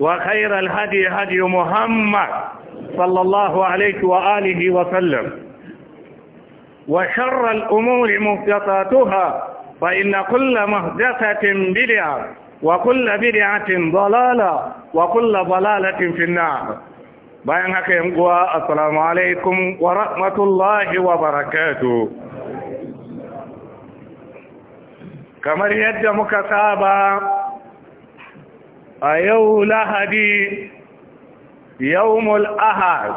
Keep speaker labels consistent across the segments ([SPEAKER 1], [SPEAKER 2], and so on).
[SPEAKER 1] وخير الهدي هدي محمد صلى الله عليه وآله وسلم وشر الأمور مهدثاتها فإن كل مهدثة بدعة وكل بدعة ضلالة وكل ضلالة في النار بين haka yan السلام عليكم ورحمة الله وبركاته كما barakatuh مكتابا a yau lahadi yawmul ahad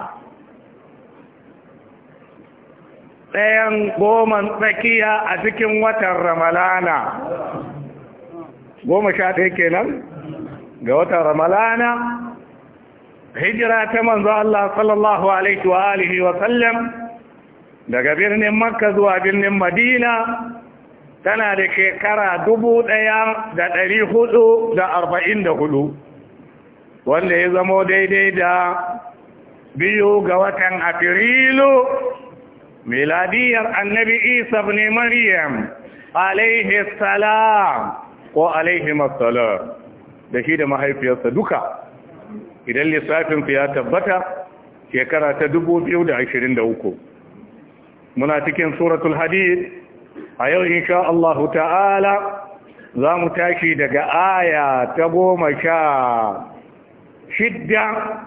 [SPEAKER 1] ɗayan goman tsakiya a cikin watan ramalana goma sha ɗaya kenan ga watan ramalana hijira ta manzo Allah sallallahu alaihi wa alihi wa sallam daga birnin makka zuwa birnin madina tana da shekara dubu ɗaya da ɗari hudu da arba'in da hudu wanda ya zamo daidai da biyu ga watan afirilu miladiyar annabi isa ne maryam alaihi salam ko alaihi matsalar da shi da mahaifiyarsa duka idan lissafinsu ya tabbata shekara ta dubu biyu da ashirin da uku. muna cikin suratul hadith a yau insha Allah ta'ala za mu tashi daga aya ta goma sha shidda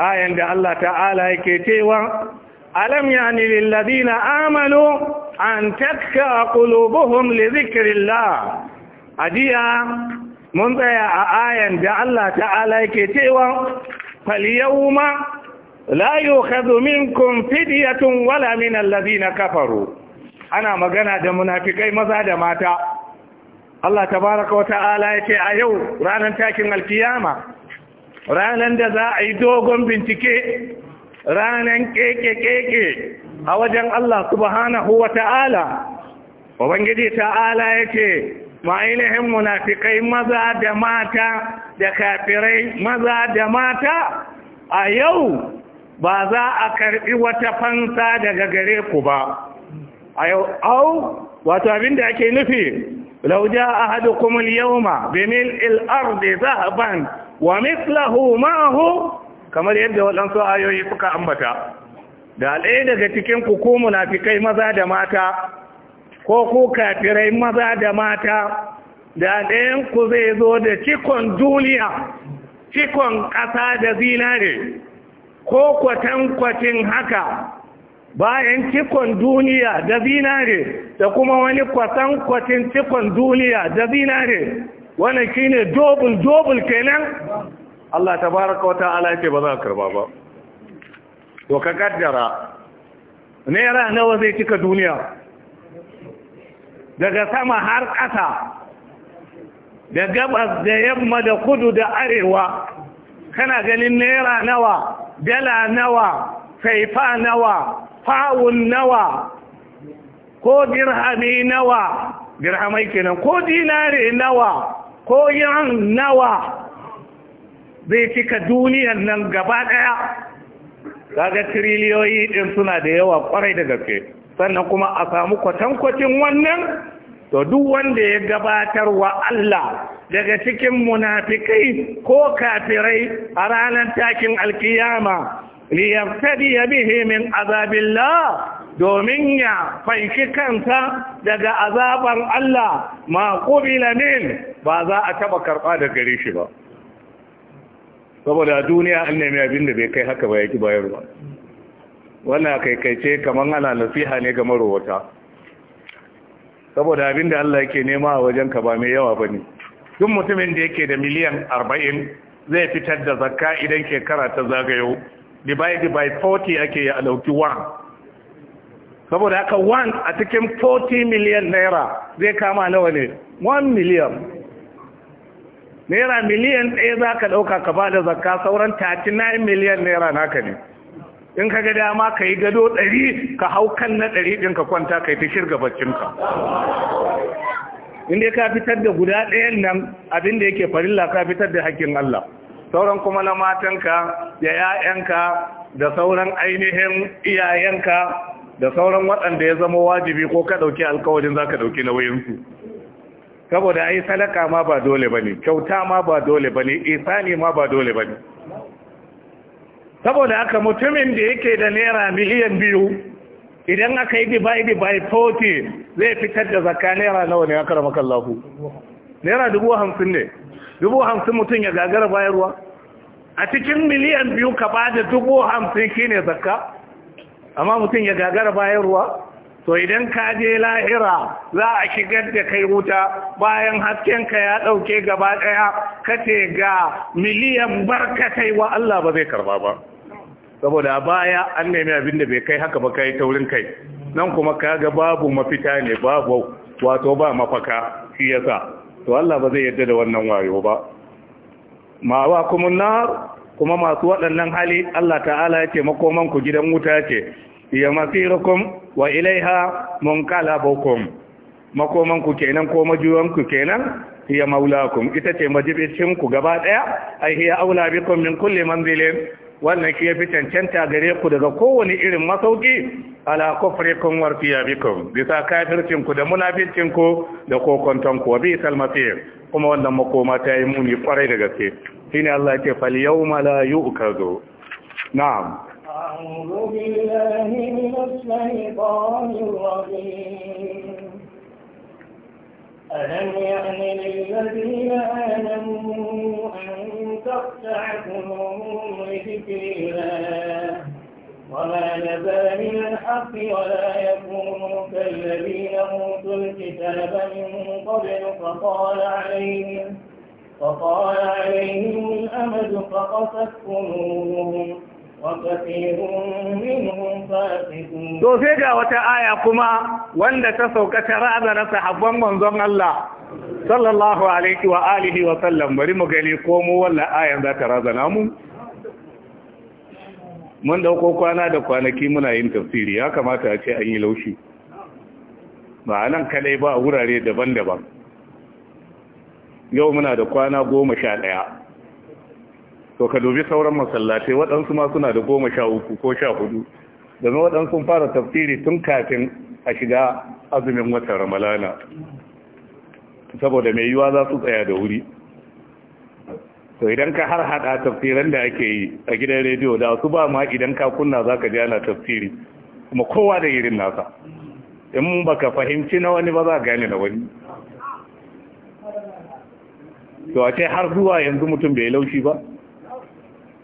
[SPEAKER 1] ayan da Allah ta'ala yake cewa alam yani lil ladina amanu an takka qulubuhum li dhikrillah adiya mun tsaya a ayan da Allah ta'ala yake cewa fal yawma la yukhadhu minkum fidyatun wala min alladhina kafaru ana magana da munafikai maza da mata Allah tabaraka wa ta'ala ya a yau ranar takin alkiyama ranar da za a yi dogon bincike ranar keke-keke a wajen Allah subhanahu wa ta'ala Ubangiji ta'ala ya ce ma'ainihin munafikai maza da mata da kafirai maza da mata a yau ba za a karbi wata fansa daga gare ku ba au wato abin da ake nufi lauja ahadukum al-yawma bi mil'il ardi zahaban wa mislahu ma'ahu kamar yadda waɗansu ayoyi suka ambata da ɗaya daga cikin ku ko munafikai maza da mata ko kuka kafirai maza da mata da ɗayan ku zai zo da cikon duniya cikon ƙasa da zinare ko kwatankwacin haka bayan cikon duniya da zinare da kuma wani kwatankwacin cikon duniya da zinare wannan shine dobul dobul kenan Allah tabaraka wa ta'ala ce ba za ka karba ba to ka kaddara naira nawa zai cika duniya daga sama har ƙasa da gabas da yamma da kudu da arewa kana ganin naira nawa dala nawa saifa nawa fa'un nawa ko dirhami nawa dirhamai kenan ko dinare nawa ko yan nawa zai cika duniyar nan gaba daya kaga triliyoyi din suna da yawa kwarai da gaske sannan kuma a samu kwatankwacin wannan to duk wanda ya gabatar wa Allah daga cikin munafikai ko kafirai a ranar takin alkiyama liyabtadiya bihi min azabillah domin ya faishi kanta daga azabar Allah ma ƙubila min ba za a taba karɓa da gare shi ba saboda duniya an nemi abin da bai kai haka ba ya bayarwa wannan kaikaice kamar ana nasiha ne ga marowata saboda abin da Allah yake nema a wajen ka ba mai yawa ba duk mutumin da yake da miliyan arba'in zai fitar da zakka idan shekara ta zagayo divided by 40 ake ya dauki 1 saboda haka 1 a cikin 40 million naira zai kama nawa ne 1 million naira miliyan ɗaya za ka ɗauka ka ba da zakka sauran 39 million naira naka ne in ka gada dama ka yi gado ɗari ka hau kan na ɗari ɗin ka kwanta ka yi ta shirga baccinka inda ka fitar da guda ɗayan nan abinda yake farilla ka fitar da hakkin Allah sauran kuma na matanka da 'ya'yanka da sauran ainihin iyayenka da sauran waɗanda ya zama wajibi ko ka ɗauki alkawarin za ka ɗauki nauyinsu saboda ai sadaka ma ba dole ba ne kyauta ma ba dole ba ne isani ma ba dole ba ne saboda haka mutumin da yake da naira miliyan biyu idan aka yi divide by 40 zai fitar da zakka naira nawa ne aka ramakan lafu naira dubu hamsin ne dubu hamsin mutum ya gagara bayarwa a cikin miliyan biyu ka ba da dubu hamsin shi ne zakka amma mutum ya gagara bayarwa to idan ka je lahira za a shigar da kai wuta bayan haskenka ya ɗauke gaba ɗaya ka ce ga miliyan kai wa Allah ba zai karba ba saboda baya an nemi abin da bai kai haka ba kai taurin kai nan kuma ka ga babu mafita ne babu wato ba mafaka shi yasa to Allah ba zai yarda da wannan wayo ba ma wa kumun nar kuma masu waɗannan hali Allah ta'ala yake makoman ku gidan wuta ce ya masirukum wa ilaiha munqalabukum makoman ku kenan ko majuwan ku kenan ya maulakum ita ce majibicin ku gaba daya ai hiya aula bikum min kulli manzilin wannan shi ya fi cancanta gare ku daga kowane irin masauki ala kufrikum wa fiyabikum bisa kafircin ku da munafircin ku da kokonton ku bi salmasir kuma wannan makoma ta yi muni kwarai da gaske ne Allah yake fal yawma la yu'kazu na'am
[SPEAKER 2] أعوذ بالله من الشيطان الرجيم ألم يعن للذين آمنوا أن تقطع ذنوبهم لذكر الله وما نزل من الحق ولا يكون كالذين أوتوا الكتاب من قبل فقال عليهم
[SPEAKER 1] فقال عليهم الأمد فقصت قلوبهم To sai ga wata aya kuma wanda ta sauka ta razana sahabban manzon Allah sallallahu alaihi wa alihi wa sallam bari mu gani ko mu wannan ayan za ta razana mu mun dauko kwana da kwanaki muna yin tafsiri ya kamata a ce an yi laushi ba nan kadai ba a wurare daban-daban yau muna da kwana goma sha ɗaya to ka dubi sauran masallatai waɗansu ma suna da goma sha uku ko sha hudu domin waɗansu fara tafsiri tun kafin a shiga azumin watan ramalana saboda mai yiwa za su tsaya da wuri to idan ka har hada tafsiran da ake yi a gidan rediyo da su ba ma idan ka kunna za ka jana tafsiri kuma kowa da irin nasa in baka fahimci na wani ba za gane na wani to a ce har zuwa yanzu mutum bai laushi ba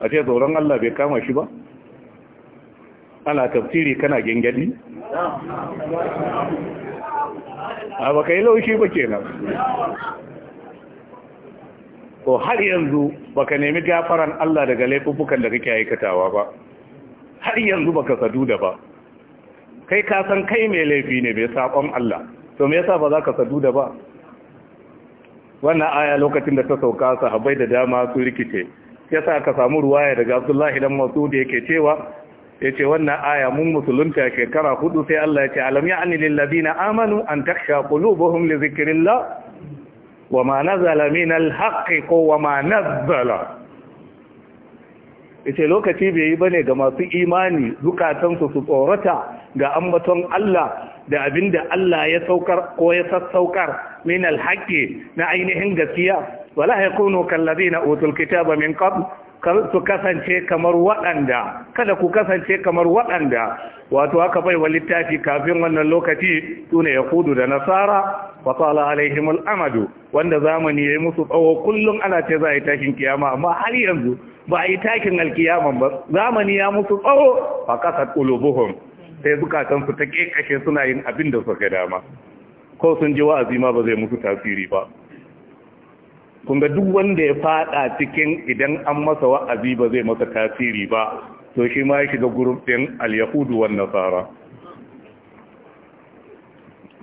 [SPEAKER 1] a ce tsoron Allah bai kama shi ba ana tafsiri kana gengeni? a baka yi laushi ba kenan ko har yanzu baka nemi gafaran Allah daga laifukan da kake aikatawa ba har yanzu baka sadu da ba kai ka san kai mai laifi ne bai sakon Allah to me yasa ba za ka sadu da ba wannan aya lokacin da ta sauka sahabbai da dama su rikice yasa ka samu ruwaya daga Abdullahi dan Mas'ud yake cewa yace wannan aya mun musulunta shekara hudu sai Allah ya ce alam ya'ni lil ladina amanu an takhsha qulubuhum li Wa ma nazala min al wa ma nazala yace lokaci bai yi ba ne ga masu imani zukatansu su tsorata ga ambaton Allah da abinda Allah ya saukar ko ya sassaukar min al na ainihin gaskiya wala yakunu kallazina utul kitaba min qabl su kasance kamar waɗanda kada ku kasance kamar waɗanda wato aka bai wa littafi kafin wannan lokaci ya yahudu da nasara wa sala alaihim al'amadu wanda zamani yayi musu tsawo kullum ana ce za a yi takin kiyama amma har yanzu ba a yi takin alkiyaman ba zamani ya musu tsawo fa kasat qulubuhum sai zukatan su ta ƙeƙashe suna yin abin da suka dama ko sun ji wa'azi ma ba zai musu tasiri ba kun ga duk wanda ya fada cikin idan an masa wa'azi ba zai masa tasiri ba to shi ma ya shiga gurup din al-yahudu wan nasara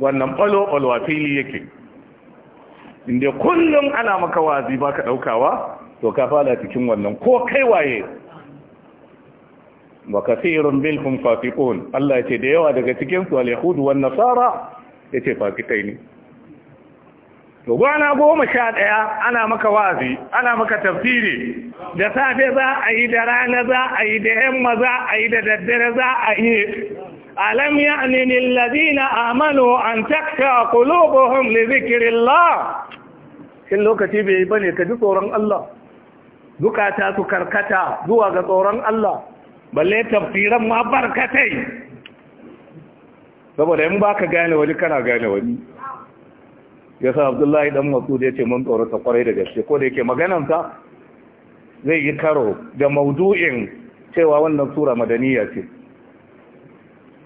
[SPEAKER 1] wannan balo alwa fili yake inda kullum ana maka wa'azi ba ka daukawa to ka fada cikin wannan ko kai waye wa kathirun minhum fasiqun Allah ya ce da yawa daga cikin su al-yahudu wan nasara yace fasikai ne to goma sha ɗaya ana maka wazi ana maka tafsiri da safe za a yi da rana za a yi da yamma za a yi da daddare za a yi alam ya'ni lillazina amanu an takta qulubuhum zikirin la? shi lokaci bai yi bane ka ji tsoron Allah zukata su karkata zuwa ga tsoron Allah balle tafsiran ma barkatai saboda in baka gane wani kana gane wani yasa abdullahi dan masud ya ce mun tsorata kwarai da gaske ko da yake maganansa zai yi karo da maudu'in cewa wannan sura madaniya ce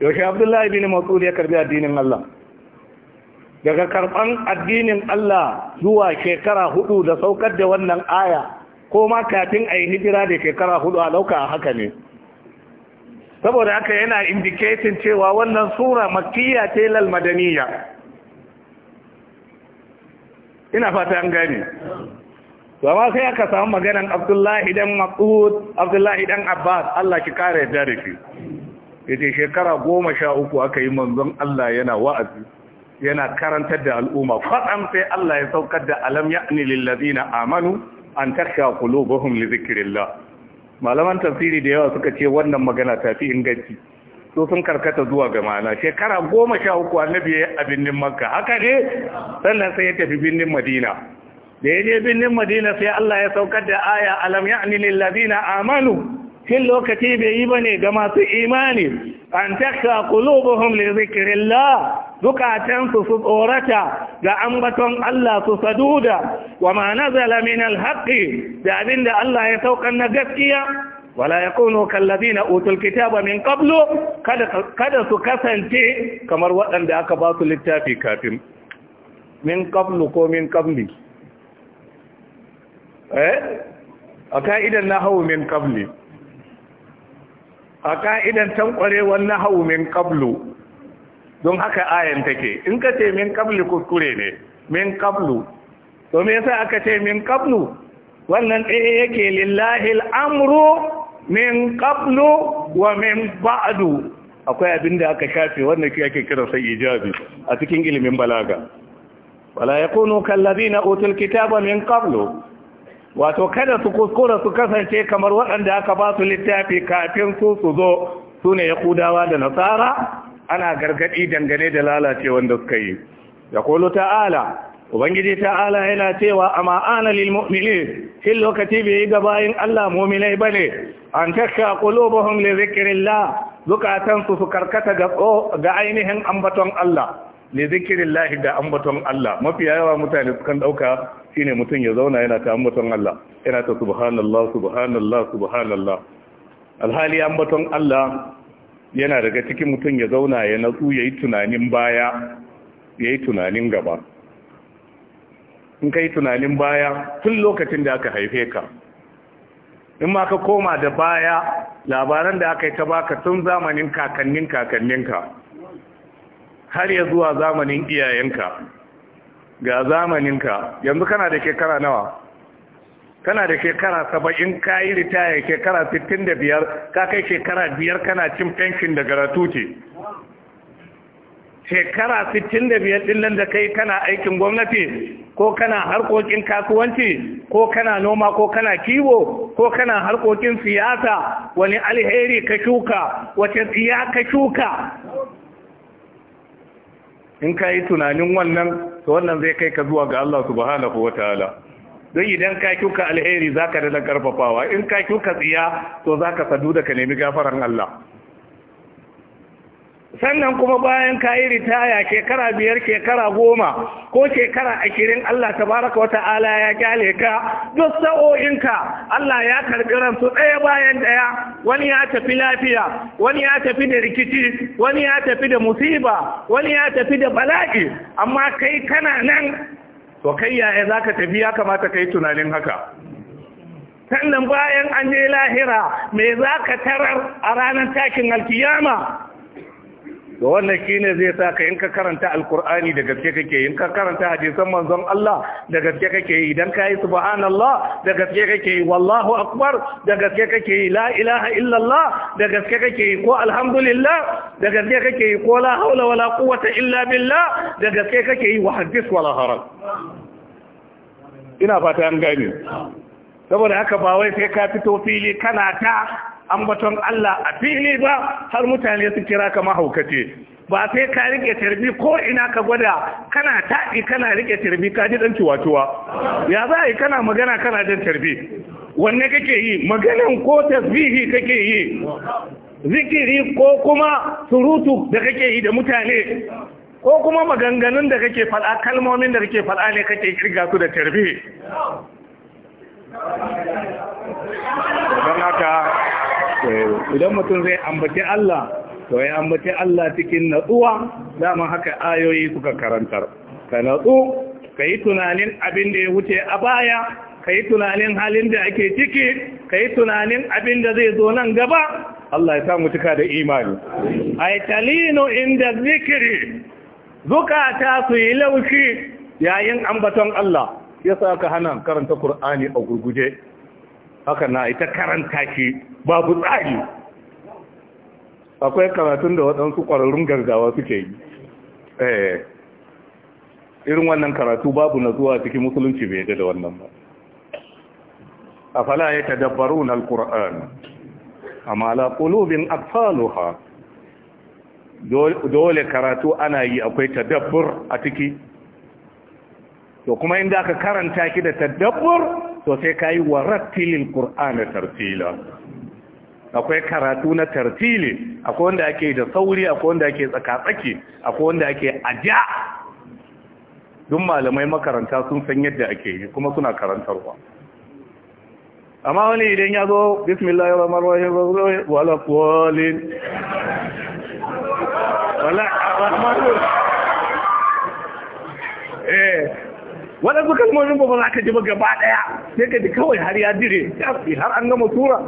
[SPEAKER 1] yaushe abdullahi bin masud ya karbi addinin Allah daga karban addinin Allah zuwa shekara hudu da saukar da wannan aya ko ma kafin a yi hijira da shekara hudu a lauka haka ne saboda haka yana indiketin cewa wannan sura makiyya ce lal madaniya ina fata an gane zama sai aka samu maganan abdullahi dan maqud abdullahi dan abbas allah ki kare da yace shekara goma sha uku aka yi manzon allah yana wa'azi yana karantar da al'umma an sai allah ya saukar da alam ya'ni ladina amanu an taksha qulubuhum li dhikrillah malaman tafsiri da yawa suka ce wannan magana tafi inganci to sun karkata zuwa ga ma'ana shekara goma sha uku annabi ya a birnin makka haka ne sannan sai ya tafi birnin madina da ya je birnin madina sai Allah ya saukar da aya alam ya'ni lil labina amanu shin lokaci bai yi ba ne ga masu imani an takka qulubuhum li zikrillah zukatan su su tsorata ga ambaton Allah su saduda wa ma nazala min al da abinda Allah ya saukar na gaskiya wala ya yakunu kallazina utul kitaba min qablu kada kada su kasance kamar waɗanda aka ba su littafi kafin min qablu ko min qabli eh a ka'idan nahwu min qabli a ka'idan na hau min qablu don haka ayan take in ka ce min qabli kuskure ne min qablu to me yasa aka ce min qablu wannan ɗaya yake lillahi al'amru. min qablu wa min ba'du akwai abin da aka shafe wannan shi ake kira sai ijabi a cikin ilimin balaga wala yakunu na utul kitaba min qablu wato kada su kuskura su kasance kamar waɗanda aka ba su littafi kafin su su zo su ne kudawa da nasara ana gargaɗi dangane da lalace wanda suka yi ya ta'ala ubangiji ta'ala yana cewa a ana lil shi lokaci bai ga bayin Allah mu'minai ne. an takka le zikirin La, zukatan su karkata ga ga ainihin ambaton Allah Le li zikrillah da ambaton Allah mafi yawa mutane sukan dauka shine mutum ya zauna yana ta ambaton Allah yana ta subhanallah subhanallah subhanallah alhali ambaton Allah yana daga cikin mutum ya zauna ya natsu ya yi tunanin baya ya yi tunanin gaba in kai tunanin baya tun lokacin da aka haife ka in ma ka koma da baya labaran da aka yi ta baka tun zamanin kakannin kakanninka har ya zuwa zamanin iyayenka ga zamaninka yanzu kana da shekara nawa kana da shekara saba'in ka yi ritaya shekara sittin da biyar ka kai shekara biyar kana cin fenshin da garatuti shekara 65 din nan da kai kana aikin gwamnati ko kana harkokin kasuwanci ko kana noma ko kana kiwo ko kana harkokin siyasa wani alheri ka shuka wace tsiya ka shuka in ka yi tunanin wannan to wannan zai kai ka zuwa ga Allah subhanahu wa ta'ala don idan ka shuka alheri zaka da karfafawa in ka shuka tsiya to zaka sadu da ka nemi gafaran Allah sannan kuma bayan ka yi ritaya shekara biyar shekara goma ko shekara ashirin Allah tabaraka wata'ala ya gyale ka duk sa'o'inka Allah ya karɓi ransu ɗaya bayan ɗaya wani ya tafi lafiya wani ya tafi da rikici wani ya tafi da musiba wani ya tafi da bala'i amma kai kana nan to kai yaya za ka tafi ya kamata ka yi tunanin haka sannan bayan an je lahira me za ka tarar a ranar takin alkiyama ga wannan shi ne zai sa ka in ka karanta alkur'ani da gaske kake in ka karanta hadisan manzon Allah da gaske kake yi idan yi subhanallah da gaske kake yi wallahu akbar da gaske kake yi la ilaha illallah da gaske kake yi ko alhamdulillah da gaske kake yi ko la haula wala quwwata illa billah da gaske kake yi wa hadis wala haram ina fata an gane saboda haka ba wai sai ka fito fili kana ta ambaton Allah a fili ba har mutane su kira ka mahaukace ba sai ka rike tarbi ko ina ka gwada kana taɗi kana rike tarbi ka ji dan ciwatuwa ya za yi kana magana kana jan tarbi wanne kake yi maganan ko tasbihi kake yi zikiri ko kuma surutu da kake yi da mutane ko kuma maganganun da kake faɗa kalmomin da kake faɗa ne kake kirga su da tarbi don haka eh, idan mutum zai ambaci Allah to ya ambaci Allah cikin natsuwa dama haka ayoyi suka karantar ka natsu ka yi tunanin abin da ya wuce a baya ka yi tunanin halin da ake ciki ka yi tunanin abin da zai zo nan gaba Allah ya samu cika da imani ai talino inda zikiri zukata su yi laushi yayin ambaton Allah ya sa aka hana karanta Kur'ani a gurguje haka na ita karanta shi babu tsari akwai karatun da waɗansu ƙwararrun gargawa suke yi eh, irin wannan karatu babu na zuwa cikin musulunci bai yadda da wannan ba a fala ya dabbaru na alkur'an A ma'ala ƙulubin akfaluha dole karatu ana yi akwai dabbar a ciki to kuma inda aka karanta ki da tadabbur to sai kai warattilil qur'ana tartila akwai karatu na tartili akwai wanda ake da sauri akwai wanda ake tsakatsaki akwai wanda ake aja duk malamai makaranta sun san yadda ake yi kuma suna karantarwa amma wani idan ya zo bismillahir rahmanir rahim wala qawlin wala rahmanir eh waɗansu kalmomin ba za ka ji ba gaba ɗaya sai ka ji kawai har ya dire har an gama tura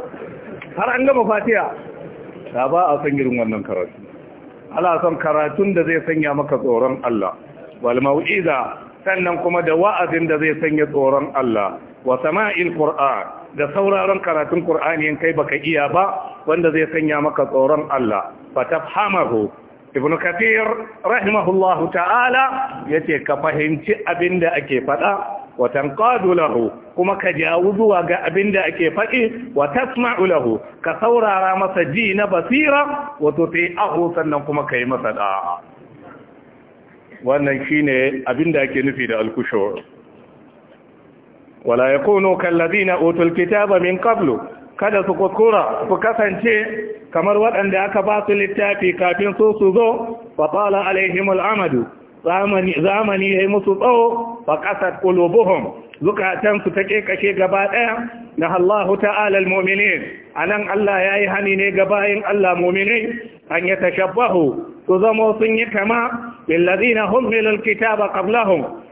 [SPEAKER 1] har an gama fatiya ta ba a san girin wannan karatu ala san karatun da zai sanya maka tsoron Allah wal mau'iza sannan kuma da wa'azin da zai sanya tsoron Allah wa sama'il qur'an da sauraron karatun qur'ani in kai baka iya ba wanda zai sanya maka tsoron Allah tafhamahu ibn kathir rahimahullahu ta'ala yace ka fahimci abinda ake faɗa wa tanqadu lahu kuma ka jawo zuwa ga abinda ake faɗi wa tasma'u lahu ka saurara masa ji na basira wa tuti'ahu sannan kuma kai masa da'a wannan shine abinda ake nufi da alkushur wala yakunu kallazina utul kitaba min qablu kada su kuskura su kasance kamar waɗanda aka ba su littafi kafin su su zo fa qala alaihim zamani ya yayi musu tsawo fa ƙasar ƙulubuhun zukatan su take kashe gaba ɗaya na Allahu ta'ala A anan Allah yayi hani ne ga bayan Allah mu'minai an ya tashabbahu su zamo sun yi kama lillazina hum min alkitaba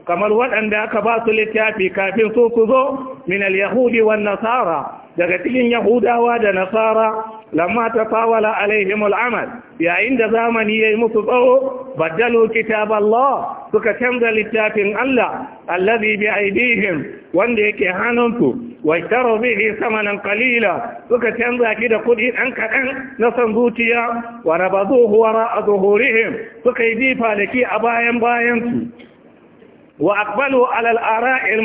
[SPEAKER 1] kamar waɗanda aka ba su littafi kafin su su zo min yahudi wan nasara daga cikin yahudawa da nasara lamma ta fawala alaihim al'amal yayin da zamani yayi musu tsawo baddalu kitab Allah suka canza littafin Allah allazi bi aidihim wanda yake hannunsu waitaru bihi samanan qalila suka canza ki da kudi dan kadan na san zuciya wa rabaduhu wara zuhurihim suka yi difa da ki a bayan bayan su wa aqbalu ala al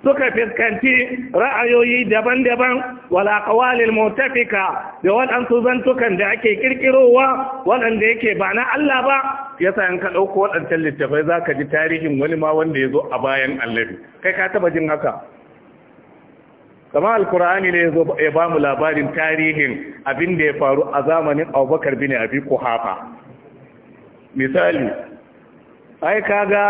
[SPEAKER 1] suka fiskanci ra'ayoyi daban-daban wal aqwali al-mutafika da waɗansu zantukan da ake kirkirowa waɗanda yake ba na Allah ba yasa sa ka ɗauko waɗancan littafai ka ji tarihin wani ma wanda ya zo a bayan annabi kai ka taɓa jin haka kama alkur'ani ne ya ba mu labarin tarihin abin da ya faru a zamanin abubakar bin abi kuhafa misali ai kaga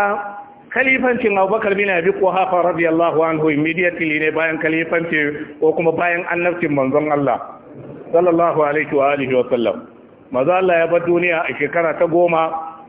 [SPEAKER 1] khalifancin abubakar bin abi kuhafa radiyallahu anhu immediately ne bayan khalifancin ko kuma bayan annabcin manzon Allah sallallahu alaihi wa alihi wa sallam maza Allah ya bar duniya a shekara ta goma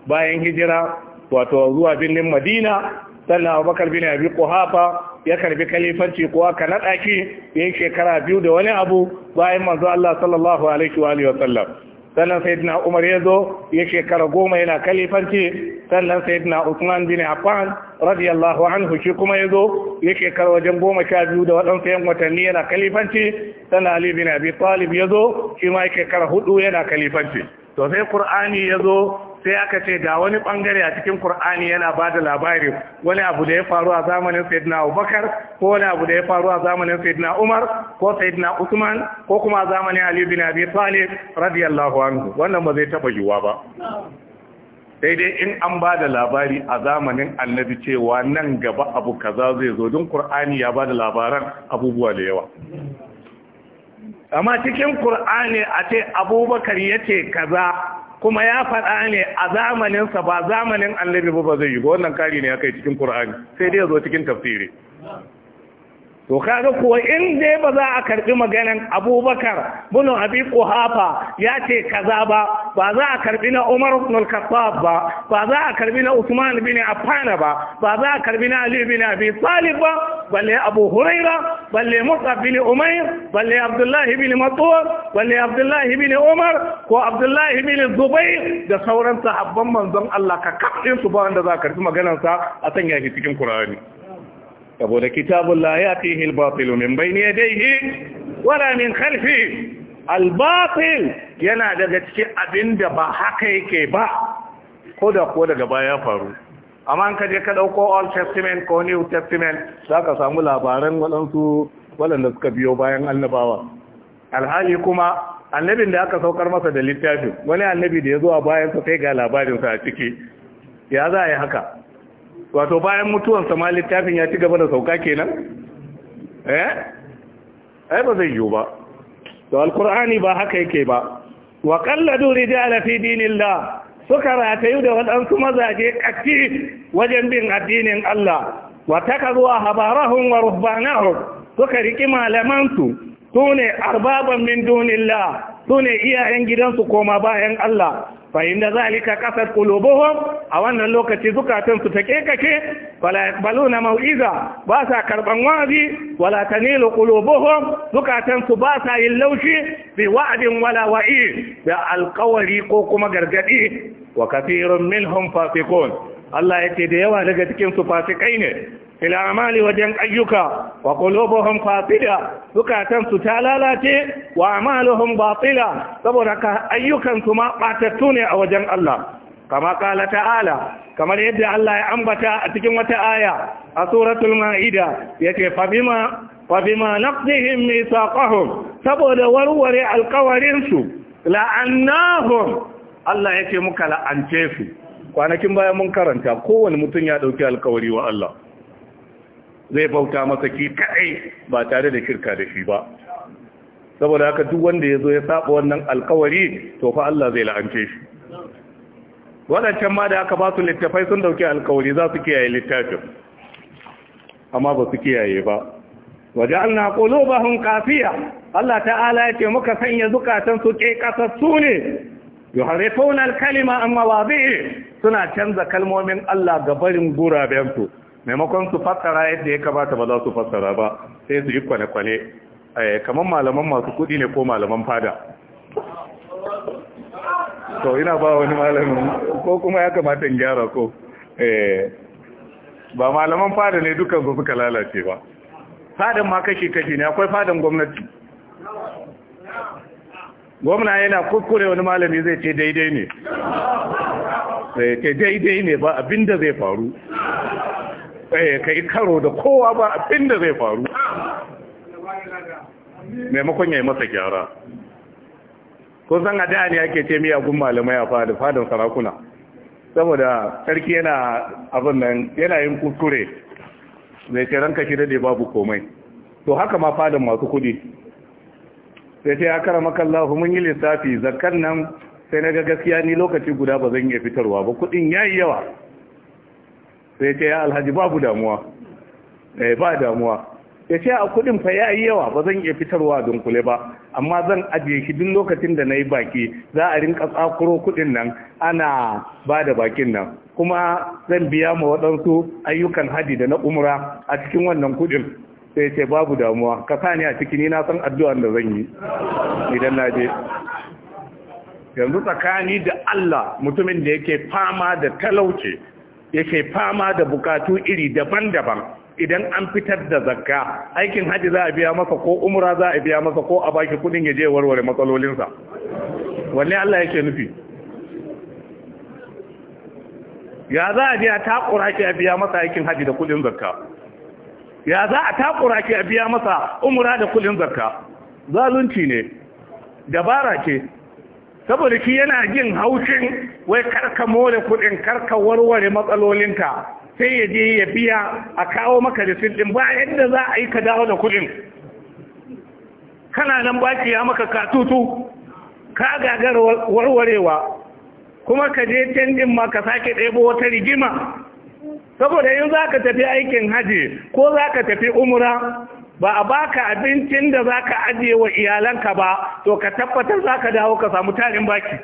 [SPEAKER 1] bayan hijira wato zuwa birnin Madina sannan abubakar bin abi kuhafa ya karbi kalifanci ko aka nada shi yayin shekara biyu da wani abu bayan manzo Allah sallallahu alaihi wa alihi wa sallam sannan sayyidina Umar ya zo ya shekara goma yana kalifanci sannan sayyidina Usman bin Affan radiyallahu anhu shi kuma ya zo ya shekara wajen goma sha biyu da waɗansu yan watanni yana kalifanci sannan Ali bin Abi Talib ya zo shi ma ya shekara hudu yana kalifanci to sai Qur'ani ya zo sai aka ce da wani bangare a cikin Kur'ani yana bada labari wani abu da ya faru a zamanin Sayyidina Abubakar ko wani abu da ya faru a zamanin Sayyidina Umar ko Sayyidina Usman ko kuma a zamanin Ali bin Abi Talib radiyallahu anhu wannan ba zai taba yiwuwa ba sai dai in an ba da labari a zamanin annabi cewa nan gaba abu kaza zai zo don Kur'ani ya ba da labaran abubuwa da yawa amma cikin Kur'ani a ce Abubakar yace kaza kuma ya faɗa ne a zamaninsa ba zamanin annabi ba zai yi ba wannan kari ne ya kai cikin ƙur'ani sai dai ya zo cikin tafsiri to kaga kuwa in dai ba za a karbi maganan abubakar bunu abi kuhafa ya ce kaza ba ba za a karbi na umar ibn khattab ba ba za a karbi na usman bin affan ba ba za a karbi na ali bin abi talib ba balle abu huraira balle mus'ab bin umair balle abdullahi bin mas'ud balle abdullahi bin umar ko abdullahi bin zubair da sauran sahabban manzon Allah ka kafin su ba wanda za a karbi maganarsa a sanya shi cikin qur'ani saboda kitabun la ya tihi al-batilu min bayni yadayhi wala min khalfi al-batil yana daga cikin abinda ba haka yake ba ko da ko daga baya faru amma an kaje ka ɗauko All testament ko new testament zaka samu labaran waɗansu waɗanda suka biyo bayan annabawa alhali kuma annabin da aka saukar masa da littafin wani annabi da ya zo a bayansa sai ga labarinsa a ciki ya za a yi haka wato bayan mutuwar sama littafin ya ci gaba da sauka kenan eh ai ba zai yiwu ba to alkur'ani ba haka yake ba wa qalladu rijala fi dinillah suka ratayu da waɗansu mazaje ƙatti wajen bin addinin Allah wa takazuwa habarahum wa ruhbanahum suka riki malamansu su sune arbaban min dunillah sune iyayen gidansu koma bayan Allah فإن ذلك كفت قلوبهم أو أن اللوكة تذكى تنسفكيكك فلا يقبلون موئذة باسا كربا واضي ولا تنيل قلوبهم ذكى تنسباسا اللوش بوعد ولا وعيد بألقوا ليقوكم قرقدي وكثير منهم فاسقون Allah ya ce da yawa daga cikin su fasikai ne fil amali wajen ayyuka wa qulubuhum fasida zukatan su ta lalace wa amaluhum batila saboda ka ayyukan su ma batattu ne a wajen Allah kama kala ta'ala kamar yadda Allah ya ambata a cikin wata aya a suratul ma'ida yake fabima fabima naqdihim mithaqahum saboda warware alqawarin su la'annahum Allah yake muka la'ance su kwanakin baya mun karanta kowane mutum ya ɗauki alkawari wa Allah zai bauta masa ki kaɗai ba tare da shirka da shi ba saboda haka duk wanda ya zo ya saba wannan alkawari to fa Allah zai la'ance shi waɗancan ma da aka ba su littafai sun ɗauki alkawari za su kiyaye littafin amma ba su kiyaye ba waje alna ƙulubahun kafiya Allah ta'ala ya ce muka sanya zukatan su ke ƙasassu ne yuharrifuna al-kalima an mawadhi'i suna canza kalmomin Allah ga barin gurabensu maimakon su fassara yadda ya kamata ba za su fassara ba sai su yi kwane-kwane kamar malaman masu kudi ne ko malaman fada to ina ba wani malamin ko kuma ya kamata in gyara ko ba malaman fada ne dukkan su suka lalace ba fadan ma kashi-kashi ne akwai fadan gwamnati gwamna yana kuskure wani malami zai ce daidai ne sai eh, ce daidai ne ba abinda zai faru sai eh, ka yi karo da kowa ba abinda zai faru maimakon ya yi masa gyara ko san a da ne ake ce miyagun malamai a fadin fadin sarakuna saboda sarki yana abin nan yana yin kuskure zai ce ranka shi dade babu komai to haka ma fadin masu kudi sai sai ya kara makallahu mun yi lissafi zakan nan sai na ga gaskiya ni lokaci guda ba zan iya fitarwa ba kudin ya yi yawa sai ce ya alhaji babu damuwa eh ba damuwa ya ce a kudin fa ya yi yawa ba zan iya fitarwa don kule ba amma zan ajiye shi duk lokacin da na yi baki za a rinka tsakuro kudin nan ana ba da bakin nan kuma zan biya ma waɗansu ayyukan hadi da na umra a cikin wannan kudin sai ce babu damuwa ka sa ni a ciki ni na san addu'an da zan yi idan na je yanzu tsakani da Allah mutumin da yake fama da talauci yake fama da bukatu iri daban-daban idan an fitar da zakka aikin haji za a biya masa ko umra za a biya masa ko a baki kudin ya je warware matsalolinsa wanne Allah yake nufi ya za a biya ta a biya masa aikin haji da kudin zakka ya za a takura ki a biya masa umura da kulin zarka zalunci ne dabara ke. saboda ki yana jin haushin wai karka more kudin karka warware matsalolinka sai ya je ya biya a kawo maka da din ba yadda za a yi ka dawo da kudin kana nan baki ya maka katutu ka gagar warwarewa kuma ka je canjin ma ka sake ɗebo wata rigima saboda in za ka tafi aikin haji ko za ka tafi umra ba a baka abincin da za ka ajiye wa iyalanka ba to ka tabbatar za ka dawo ka samu tarin baki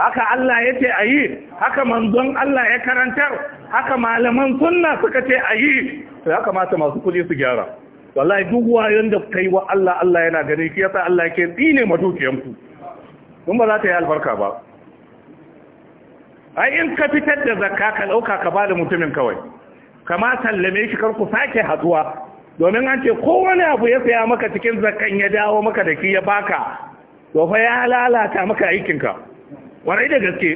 [SPEAKER 1] haka Allah ya ce a yi haka manzon Allah ya karantar haka malaman sunna suka ce a yi to ya kamata masu kuli su gyara wallahi duk wayon da kai wa Allah Allah yana gani shi yasa Allah yake tsine ma dukiyanku ba za ta yi albarka ba ai in ka fitar da zakka ka dauka ka bada mutumin kawai kama sallame shi kar ku sake haduwa domin an ce kowane abu ya saya maka cikin zakkan ya dawo maka da shi ya baka to fa ya lalata maka aikin ka warai da gaske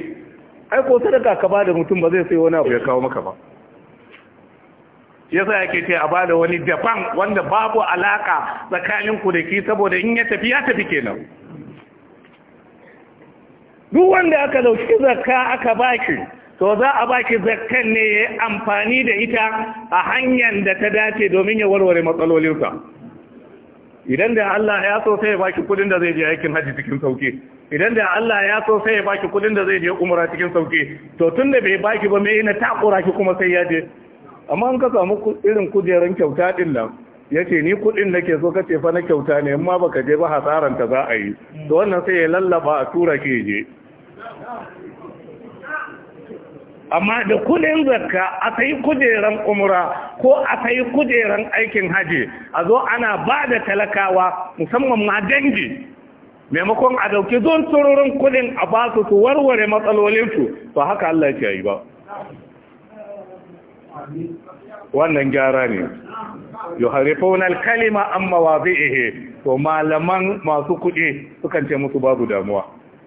[SPEAKER 1] ai ko sadaka ka bada mutum ba zai sai wani abu ya kawo maka ba yasa yake ce a bada wani daban wanda babu alaka tsakaninku da ki saboda in ya tafi ya tafi kenan duk wanda aka dauki zakka aka baki to za a baki zakkan ne ya amfani da ita a hanyar da ta dace domin ya warware matsalolinsa idan da Allah ya so sai ya baki kudin da zai je aikin haji cikin sauki idan da Allah ya so sai ya baki kudin da zai je umra cikin sauki to tun da bai baki ba mai na takura ki kuma sai ya je amma an ka samu irin kujeran kyauta din nan yace ni kudin nake so kace fa na kyauta ne amma baka je ba hasaran za a yi to wannan sai ya lallaba a tura ke je amma da kudin zakka a yi kujeran umra ko a yi kujeran aikin haji a zo ana ba da talakawa musamman ma dangi maimakon a dauki zon tururin kudin a ba su su warware matsalolinsu to haka Allah ya yi ba wannan gyara ne yuharifuna al-kalima amma ihe to malaman masu kudi sukan ce musu babu damuwa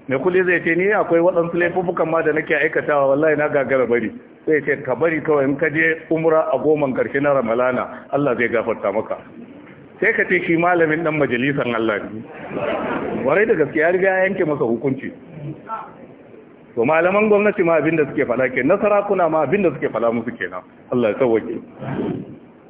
[SPEAKER 1] mai kuli zai ce ni akwai waɗansu laifukan ma da nake aikatawa wallahi na gagara bari zai ce ka bari kawai in ka je umra a goman karshe na ramalana Allah zai gafarta maka sai ka ce shi malamin dan majalisan Allah ne warai da gaskiya riga ya yanke masa hukunci to malaman gwamnati ma abinda suke fada ke nasara kuna ma abinda suke fada musu kenan Allah ya sauwake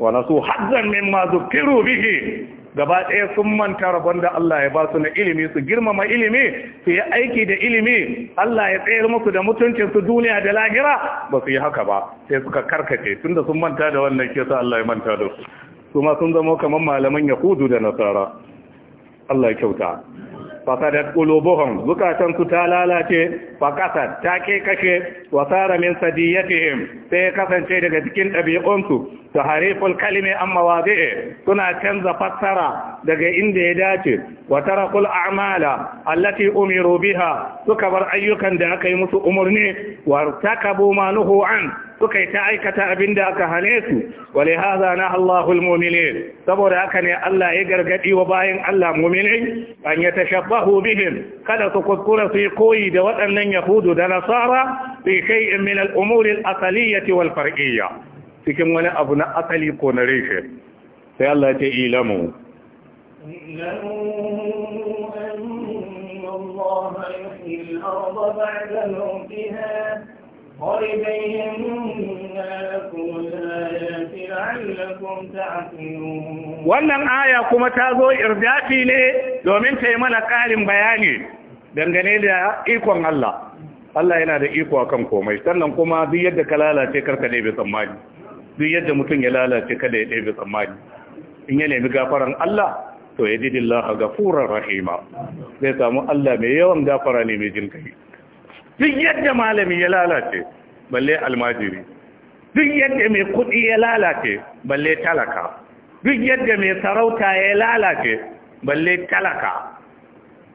[SPEAKER 1] wa nasu hazzan mimma zukiru bihi gaba ɗaya sun manta rabon da Allah ya ba su na ilimi su girmama ilimi su yi aiki da ilimi Allah ya tsayar musu da mutuncin su duniya da lahira ba su yi haka ba sai suka karkace tunda sun manta da wannan kisa Allah ya manta da su su sun zama kamar malaman yahudu da nasara Allah ya kyauta fasadat qulubuhum zukatan ta lalace fakasa ta ke kashe wa sara min sadiyatihim sai kasance daga cikin ɗabi'unsu ta hariful kalime an mawazi'i suna canza fassara daga inda ya dace wa tarakul a'mala allati umiru biha suka bar ayyukan da aka yi musu umarni wa takabu ma nuhu an suka yi ta aikata abin da aka hane su wale haza na Allahul saboda haka ne Allah ya gargadi wa bayan Allah muminin an ya tashabbahu bihim kada su kuskura su yi koyi da waɗannan yahudu da nasara fi kai, min al-umuri al-asaliyyati wal far'iyya cikin wani abu na asali ko na reshe sai Allah ya ce ilamu
[SPEAKER 2] الله يحيي الأرض بعد موتها
[SPEAKER 1] Wannan aya kuma ta zo irjafi ne domin ta yi mana ƙarin bayani dangane da ikon Allah. Allah yana da iko kan komai, sannan kuma duk yadda ka lalace karka bai tsammani, duk yadda mutum ya lalace kada ya bai tsammani. In ya nemi gafaran Allah, to ya didin ga gafuran rahima, zai samu Allah mai yawan gafara ne mai jin duk yadda malami ya lalace balle almajiri duk yadda mai kuɗi ya lalace balle talaka duk yadda mai sarauta ya lalace balle talaka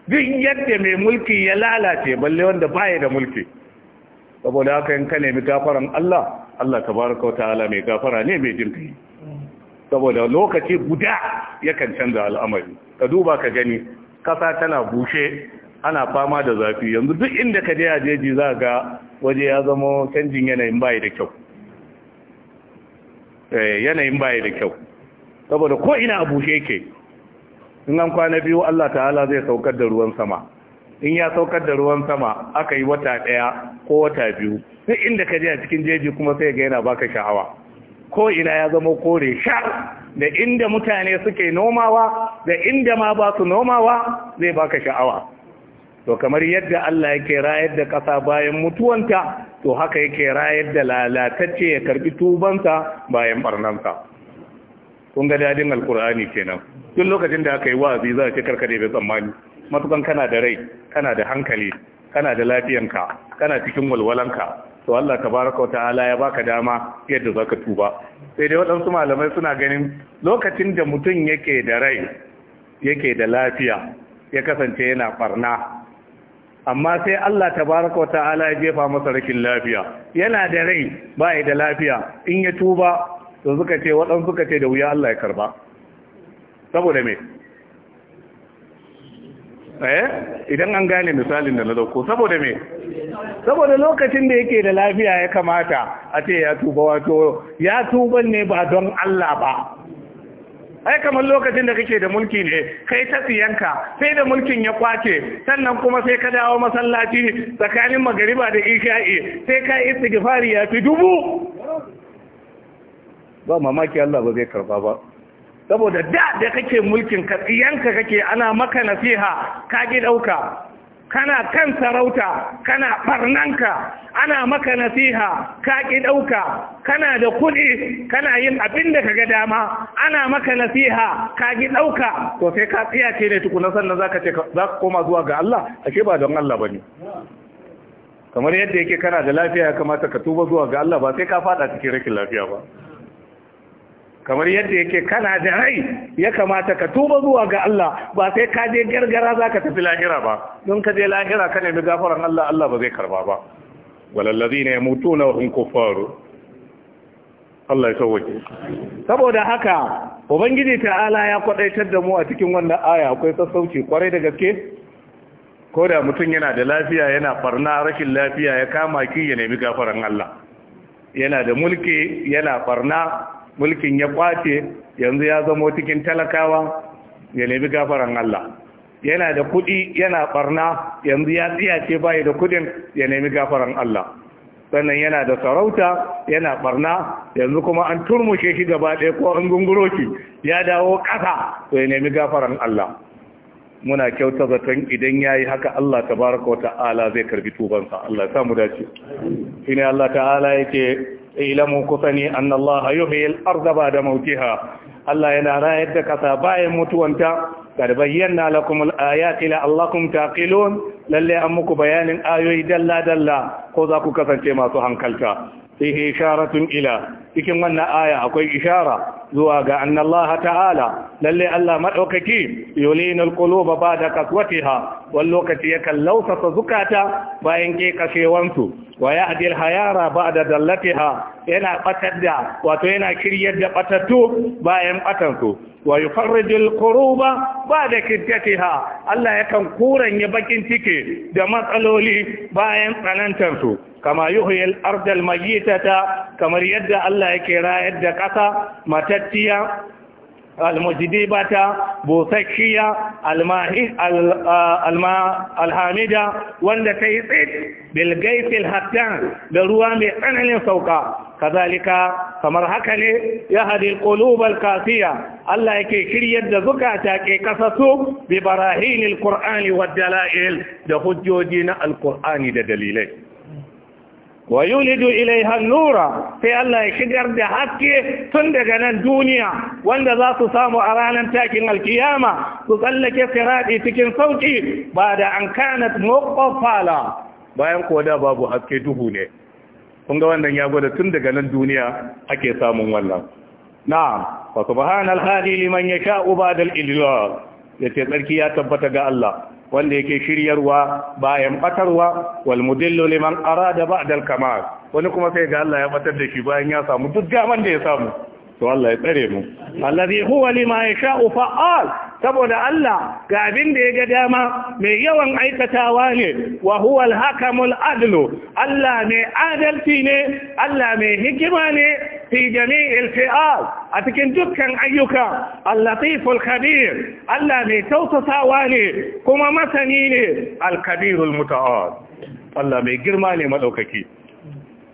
[SPEAKER 1] duk yadda mai mulki ya lalace balle wanda baya da mulki saboda haka yin ka nemi gafaran Allah Allah tabaraka wa ta'ala mai gafara ne mai jin kai saboda lokaci guda yakan canza al'amari ka duba ka gani kasa tana bushe ana fama da zafi yanzu duk inda ka je a jeji za ga waje ya zama canjin yanayin bayi da kyau eh, yanayin bayi da kyau saboda ko ina a bushe ke in an kwana biyu Allah ta'ala zai saukar da ruwan sama in ya saukar da ruwan sama aka yi wata ɗaya ko wata biyu duk inda ka je a cikin jeji kuma sai ga yana baka sha'awa ko ina ya zama kore shar da inda mutane suke nomawa da inda ma ba su nomawa zai baka sha'awa to kamar yadda Allah yake rayar da ƙasa bayan mutuwanta to haka yake rayar da lalatacce ya karbi tubansa bayan barnansa kun ga dadin alkur'ani kenan duk lokacin da aka yi wa'azi za a ce karka da tsammani matukan kana da rai kana da hankali kana da lafiyanka kana cikin walwalanka to Allah tabaraka ta'ala ya baka dama yadda zaka tuba sai dai waɗansu malamai suna ganin lokacin da mutum yake da rai yake da lafiya ya kasance yana barna amma sai Allah tabaraka wa ta'ala ya jefa masa rikin lafiya yana da rai ba ya da lafiya in ya tuba to suka ce waɗansu suka ce da wuya Allah ya karba saboda me eh idan an gane misalin da na dauko saboda me saboda lokacin da yake da lafiya ya kamata a ce ya tuba wato ya tuban ne ba don Allah ba ai kamar lokacin da kake da mulki ne kai ta siyanka sai da mulkin ya kwace sannan kuma sai ka dawo masallaci tsakanin magariba da isha'i sai ka istighfari ya fi dubu ba mamaki Allah ba zai karba ba saboda da da kake mulkin ka tsiyanka kake ana maka nasiha ka ɗauka kana kan sarauta kana barnanka ana maka nasiha ka ki ɗauka kana da kuɗi kana yin abin da ka ga dama ana maka nasiha ka ki ɗauka to sai ka tsaya ce ne tukuna sannan za ka koma zuwa ga Allah Ake ba don Allah ba ne kamar yadda yake kana da lafiya ya kamata ka tuba zuwa ga Allah ba sai ka faɗa cikin rikin lafiya ba kamar yadda yake kana da rai ya kamata ka tuba zuwa ga Allah ba sai ka je gargara za ka tafi lahira ba don ka je lahira ka nemi gafaran Allah Allah ba zai karba ba walallazi ne mutu na wahun kufaru Allah ya sauwake saboda haka ubangiji ta'ala ya kwadaitar da mu a cikin wannan aya akwai sassauci kwarai da gaske ko da mutum yana da lafiya yana farna rashin lafiya ya kama ki ya nemi gafaran Allah yana da mulki yana farna mulkin ya kwace yanzu ya zama cikin talakawa ya nemi gafaran Allah yana da kuɗi yana barna yanzu ya tsiyace bai da kuɗin ya nemi gafaran Allah sannan yana da sarauta yana barna yanzu kuma an turmushe shi gaba ɗaya ko an gunguro shi ya dawo ƙasa to ya nemi gafaran Allah muna kyauta zaton idan ya yi haka Allah tabaraka wa ta'ala zai karbi tubansa Allah ya samu dace shine Allah ta'ala yake ilamu kusani anna annallaha yuhyi al-ardh ba'da mawtiha Allah yana rayar da kasa bayan mutuwanta kad bayyana lakum al-ayati la'allakum taqilun lalle an muku bayanin ayoyi dalla dalla ko za ku kasance masu hankalta fihi isharatun ila cikin wannan aya akwai ishara zuwa ga annallaha ta'ala lalle Allah madaukaki yulinul quluba ba'da kaswatiha wani lokaci yakan lausasa zukata bayan ke kashewansu wa ya adil hayara ba da dallatiha yana batar da wato yana kiryar da batattu bayan batansu wa yi farrijil kuruba ba da kirkatiha Allah yakan kuranye bakin ciki da matsaloli bayan tsanantarsu kama yuhyil ardal ta kamar yadda Allah yake rayar da ƙasa matattiya almujdibata busakkiya alhamida wanda ta yi tsit bilgaifil hattan da ruwa mai tsananin sauka kazalika kamar haka ne ya hadi qulubal kasiya Allah yake kiryar da zukata ke kasasu bi barahinil qur'ani wad dalail da hujjoji na alqur'ani da dalilai wa yulidu ilaiha nura sai Allah ya shigar da haske tun daga nan duniya wanda za su samu a ranar takin alkiyama su tsallake siradi cikin sauki ba da an kanat muqaffala bayan ko da babu haske duhu ne kun ga wannan ya gwada tun daga nan duniya ake samun wannan na'am fa subhanal hadi liman yasha'u ba'da al-idlal yace tsarki ya tabbata ga Allah wanda yake shiryarwa bayan batarwa wal mudillu liman arada ba'da dal kamal wani kuma sai ga Allah ya batar da shi bayan ya samu duk daman da ya samu to Allah ya tsare mu allazi huwa lima yasha'u fa'al saboda Allah ga abin da ya ga dama mai yawan aikatawa ne wa huwa al-hakamul adlu Allah mai adalci ne Allah mai hikima ne fi jami'il fi'al a cikin dukkan ayyuka al-latiful khabir Allah mai tausasawa ne kuma masani ne al-kabirul muta'al Allah mai girma ne madaukaki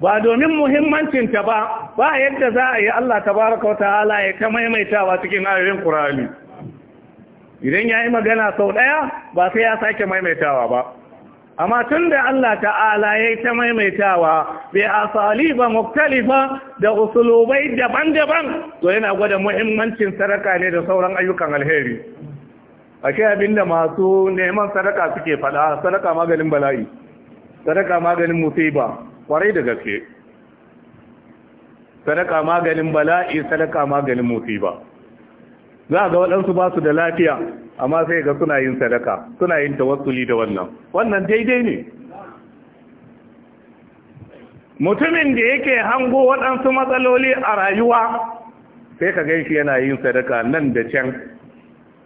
[SPEAKER 1] ba domin muhimmancinta ba ba yadda za a yi Allah tabaraka wa ta'ala ya ta maimaitawa cikin ayoyin Qur'ani idan yayi magana sau ɗaya ba sai ya sake maimaitawa ba amma tunda Allah ta'ala ya ta maimaitawa bai asali ba muktalifa da usulubai daban-daban to yana gwada muhimmancin sadaka ne da sauran ayyukan alheri ake abinda masu neman sadaka suke faɗa sadaka maganin bala'i sadaka maganin musiba kwarai da gaske sadaka maganin bala'i sadaka maganin musiba za ga waɗansu ba su da lafiya amma sai ga suna yin sadaka suna yin tawassuli da wannan wannan daidai ne mutumin da yake hango waɗansu matsaloli a rayuwa sai ka gaishe yana yin sadaka nan da can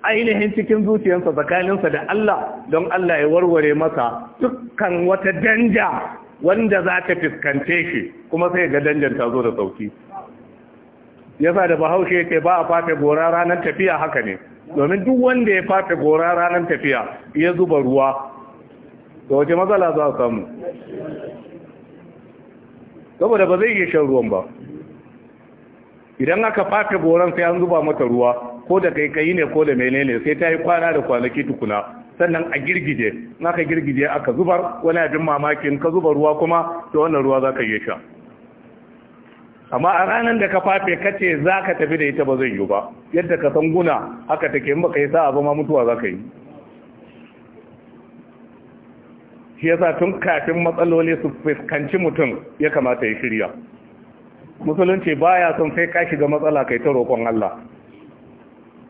[SPEAKER 1] ainihin cikin zuciyarsa tsakaninsa da Allah don Allah ya warware masa dukkan wata danja wanda za ka fiskance shi kuma sai ga danjan ta zo da sauki sa da bahaushe ke ba a fafe gora ranar tafiya haka ne domin duk wanda ya fafe gora ranar tafiya ya zuba ruwa da wace matsala za a samu saboda ba zai iya shan ruwan ba idan aka fafe goron sai an zuba mata ruwa ko da kai kaikayi ne ko da menene sai ta yi kwana da kwanaki tukuna sannan a girgije na ka girgije aka zubar wani abin mamakin ka zuba ruwa kuma to wannan ruwa za ka yi sha amma a ranar da ka fafe ka ce za ka tafi da ita ba zai yi ba yadda ka san guna haka take in baka yi sa ma mutuwa za ka yi shi yasa tun kafin matsaloli su fuskanci mutum ya kamata ya shirya musulunci baya son sai ka shiga matsala kai ta roƙon Allah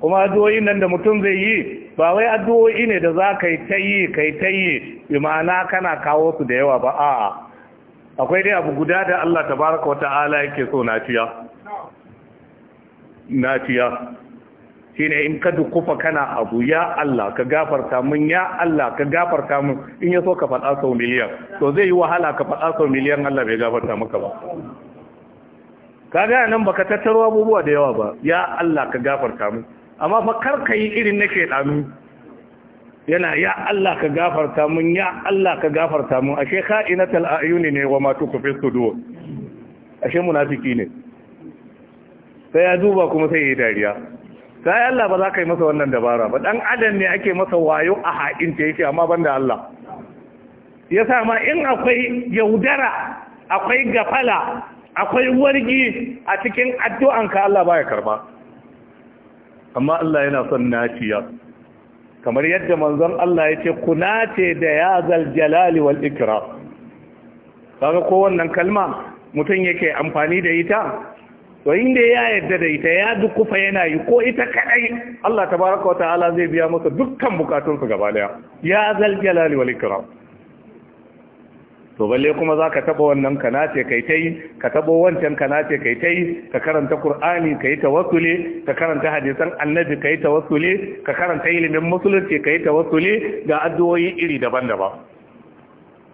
[SPEAKER 1] kuma addu'o'i nan da mutum zai yi ba wai addu'o'i ne da za ka yi ta yi ka yi ta yi imana ma'ana kana kawo su da yawa ba a'a akwai dai abu guda da Allah baraka wata ala yake so nafiya nafiya ne in ka dukufa kana abu ya Allah ka gafarta mun ya Allah ka gafarta mun in ya so ka faɗa sau miliyan to zai yi wahala ka faɗa sau miliyan Allah bai gafarta maka ba kaga nan baka tattaro abubuwa da yawa ba ya Allah ka gafarta mun amma fa kar ka yi irin na shaidanu yana ya Allah ka gafarta mun ya Allah ka gafarta mun ashe kha'inatul ayuni ne wa ma tukfi sudur ashe munafiki ne sai ya duba kuma sai ya yi dariya sai Allah ba za ka yi masa wannan dabara ba dan adam ne ake masa wayo a haƙin ta yake amma banda Allah yasa ma in akwai yaudara akwai gafala akwai wargi a cikin addu'anka Allah baya karba amma Allah yana son naciya kamar yadda manzon Allah ya ce ku nace da ya zal jalali wal ikra kaga ko wannan kalma mutum yake amfani da ita to inda ya yadda da ita ya dukufa yana yi ko ita kadai Allah tabaraka wa ta'ala zai biya masa dukkan bukatunsa gaba daya ya zal jalali wal to balle kuma za ka taɓa wannan ka nace kai ta yi ka taɓa wancan ka nace kai ta yi ka karanta Kur'ani ka yi wasule ka karanta hadisan annabi ka yi wasule ka karanta ilimin musulunci ka yi wasule ga addu'o'i iri daban-daban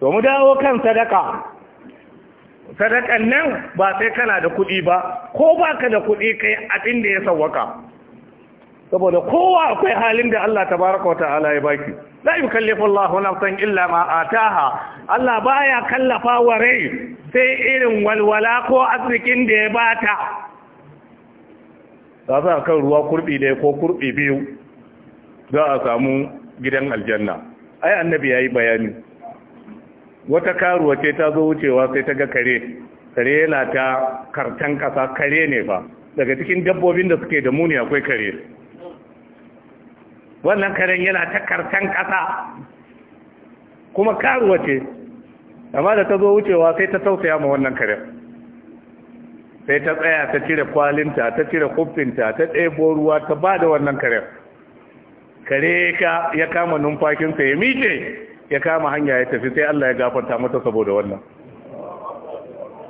[SPEAKER 1] to mu dawo kan sadaka sadakan nan ba sai kana da kuɗi ba ko ba ka da kuɗi kai abin da ya sawwaka saboda kowa akwai halin da Allah tabaraka wa ta'ala ya baki la yukallifu na nafsan illa ma ha, Allah baya kallafa wa rai sai irin walwala ko arzikin da ya ba ta. za a kan ruwa kurbi ɗaya ko kurbi biyu za a samu gidan aljanna ai annabi ya yi bayani wata karuwa ce ta zo wucewa sai ta ga kare kare yana ta kartan kasa kare ne ba daga cikin dabbobin da suke da muni akwai kare wannan karen yana ta karkan ƙasa kuma karuwa ce amma da ta zo wucewa sai ta tausaya ma wannan karen sai ta tsaya ta cire kwalinta ta cire kufinta ta ɗebo ruwa ta ba da wannan karen kare ka ya kama numfakinsa ya miƙe ya kama hanya ya tafi sai Allah ya gafarta mata saboda wannan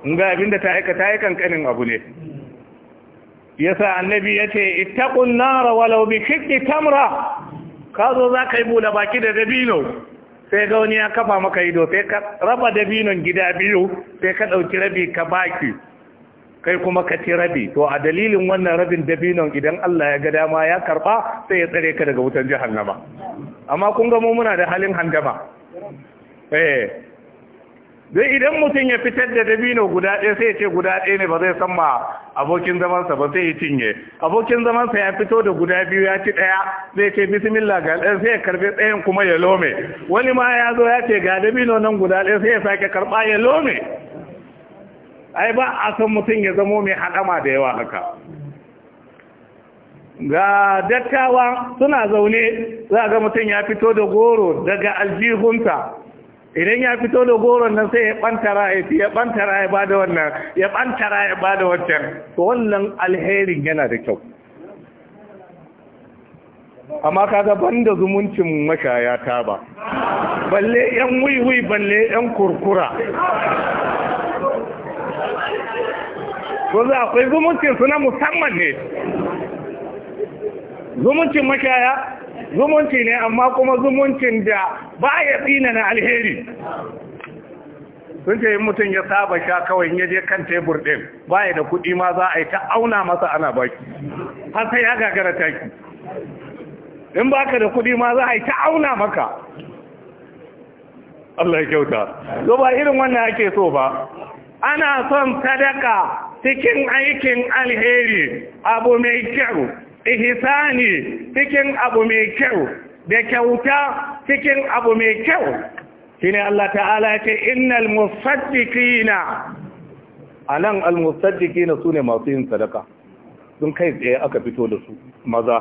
[SPEAKER 1] in ga abinda ta aikata ya kankanin abu ne yasa annabi ya ce ittaqun nar walau bi shiqqi tamra ka zo za ka bude baki da dabino sai ga wani ya kafa maka ido sai ka raba dabinon gida biyu sai ka ɗauki rabi ka baki kai kuma ka ci rabi to a dalilin wannan rabin dabinon idan Allah ya ga dama ya karba sai ya tsare ka daga wutan jahannama amma kun ga mu muna da halin hangama eh don idan mutum ya fitar da dabino guda ɗaya sai ya ce guda ɗaya ne ba zai san ma abokin zamansa ba sai ya cinye abokin zamansa ya fito da guda biyu ya ci ɗaya zai ce bismillah ga ɗan sai ya karbe ɗayan kuma ya lome wani ma ya zo ya ce ga dabino nan guda ɗaya sai ya sake karɓa ya lome ai ba a san mutum ya zamo mai haɗama da yawa haka ga dattawa suna zaune za ga mutum ya fito da goro daga aljihunta idan ya fito da goron nan sai ya ɓanta ra'ayi fi ya ra'ayi ya bada wannan ya ra'ayi ya bada wancan to wannan alherin yana da kyau amma kaga da zumuncin mashaya ta ba balle yan wiwi balle yan kurkura ko akwai zumuncin su na musamman ne zumuncin mashaya zumunci ne amma kuma zumuncin da ba ya tsina na alheri sun ce yin mutum ya saba sha kawai ya je kan tebur ɗin baya da kuɗi ma za a yi ta auna masa ana baki har sai ya gagara taki in baka da kuɗi ma za a yi ta auna maka Allah ya kyauta so ba irin wannan ake so ba ana son sadaka cikin aikin alheri abu mai kyau ihsani cikin abu mai kyau da kyauta cikin abu mai kyau shine Allah ta'ala ce innal musaddiqina anan al musaddiqina sune masu yin sadaka sun kai tsaye aka fito da su maza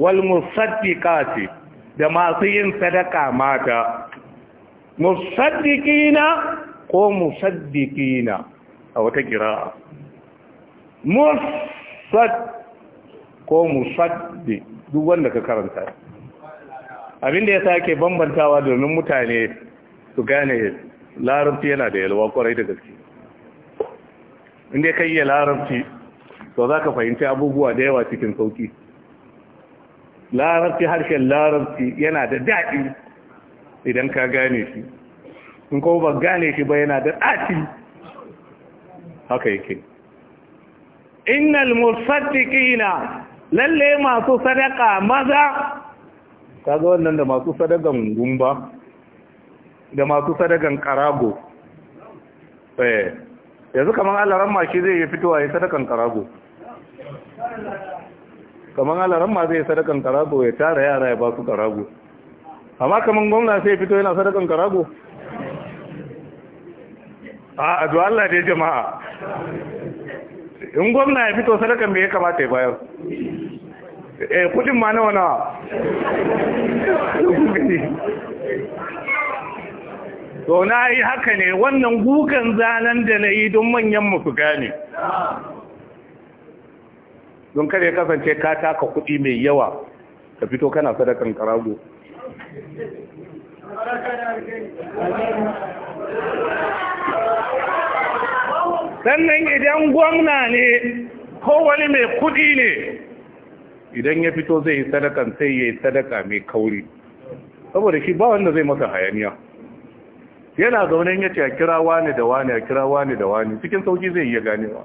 [SPEAKER 1] wal musaddiqati da masu yin sadaka mata musaddiqina ko musaddiqina a wata kira mus ko musaddi duk wanda ka karanta Abin da ya sake bambantawa domin mutane su gane larabci yana da yalwa kwarai da gaske inda ka yi larabci to za ka fahimci abubuwa da yawa cikin sauki larabci harshen larabci yana da daɗi idan ka gane shi in kuma ba gane shi ba yana da ɗaci haka yake innal musaddiqina lalle masu sadaka maza kaga wannan da masu sadakan gumba da masu sadakan karago eh yanzu kaman alaran ma shi zai yi fitowa yin sadakan karago kaman alaran ma zai yi sadakan karago ya tara yara ya ba su karago amma kaman gwamna sai ya fito yana sadakan karago a addu'a Allah dai jama'a in gwamna ya fito sadakan me ya kamata ya bayar eh kudin ma nawa nawa to na yi haka ne wannan gukan zanen da na yi don manyan mu su gane don kare kasance ka taka kudi mai yawa ka fito kana sadakan karago sannan idan gwamna ne ko wani mai kudi ne idan ya fito zai yi sadakan sai ya yi sadaka mai kauri saboda shi ba wanda zai masa hayaniya yana zaune ya ce a kira wani da wani a kira wani da wani cikin sauki zai iya ganewa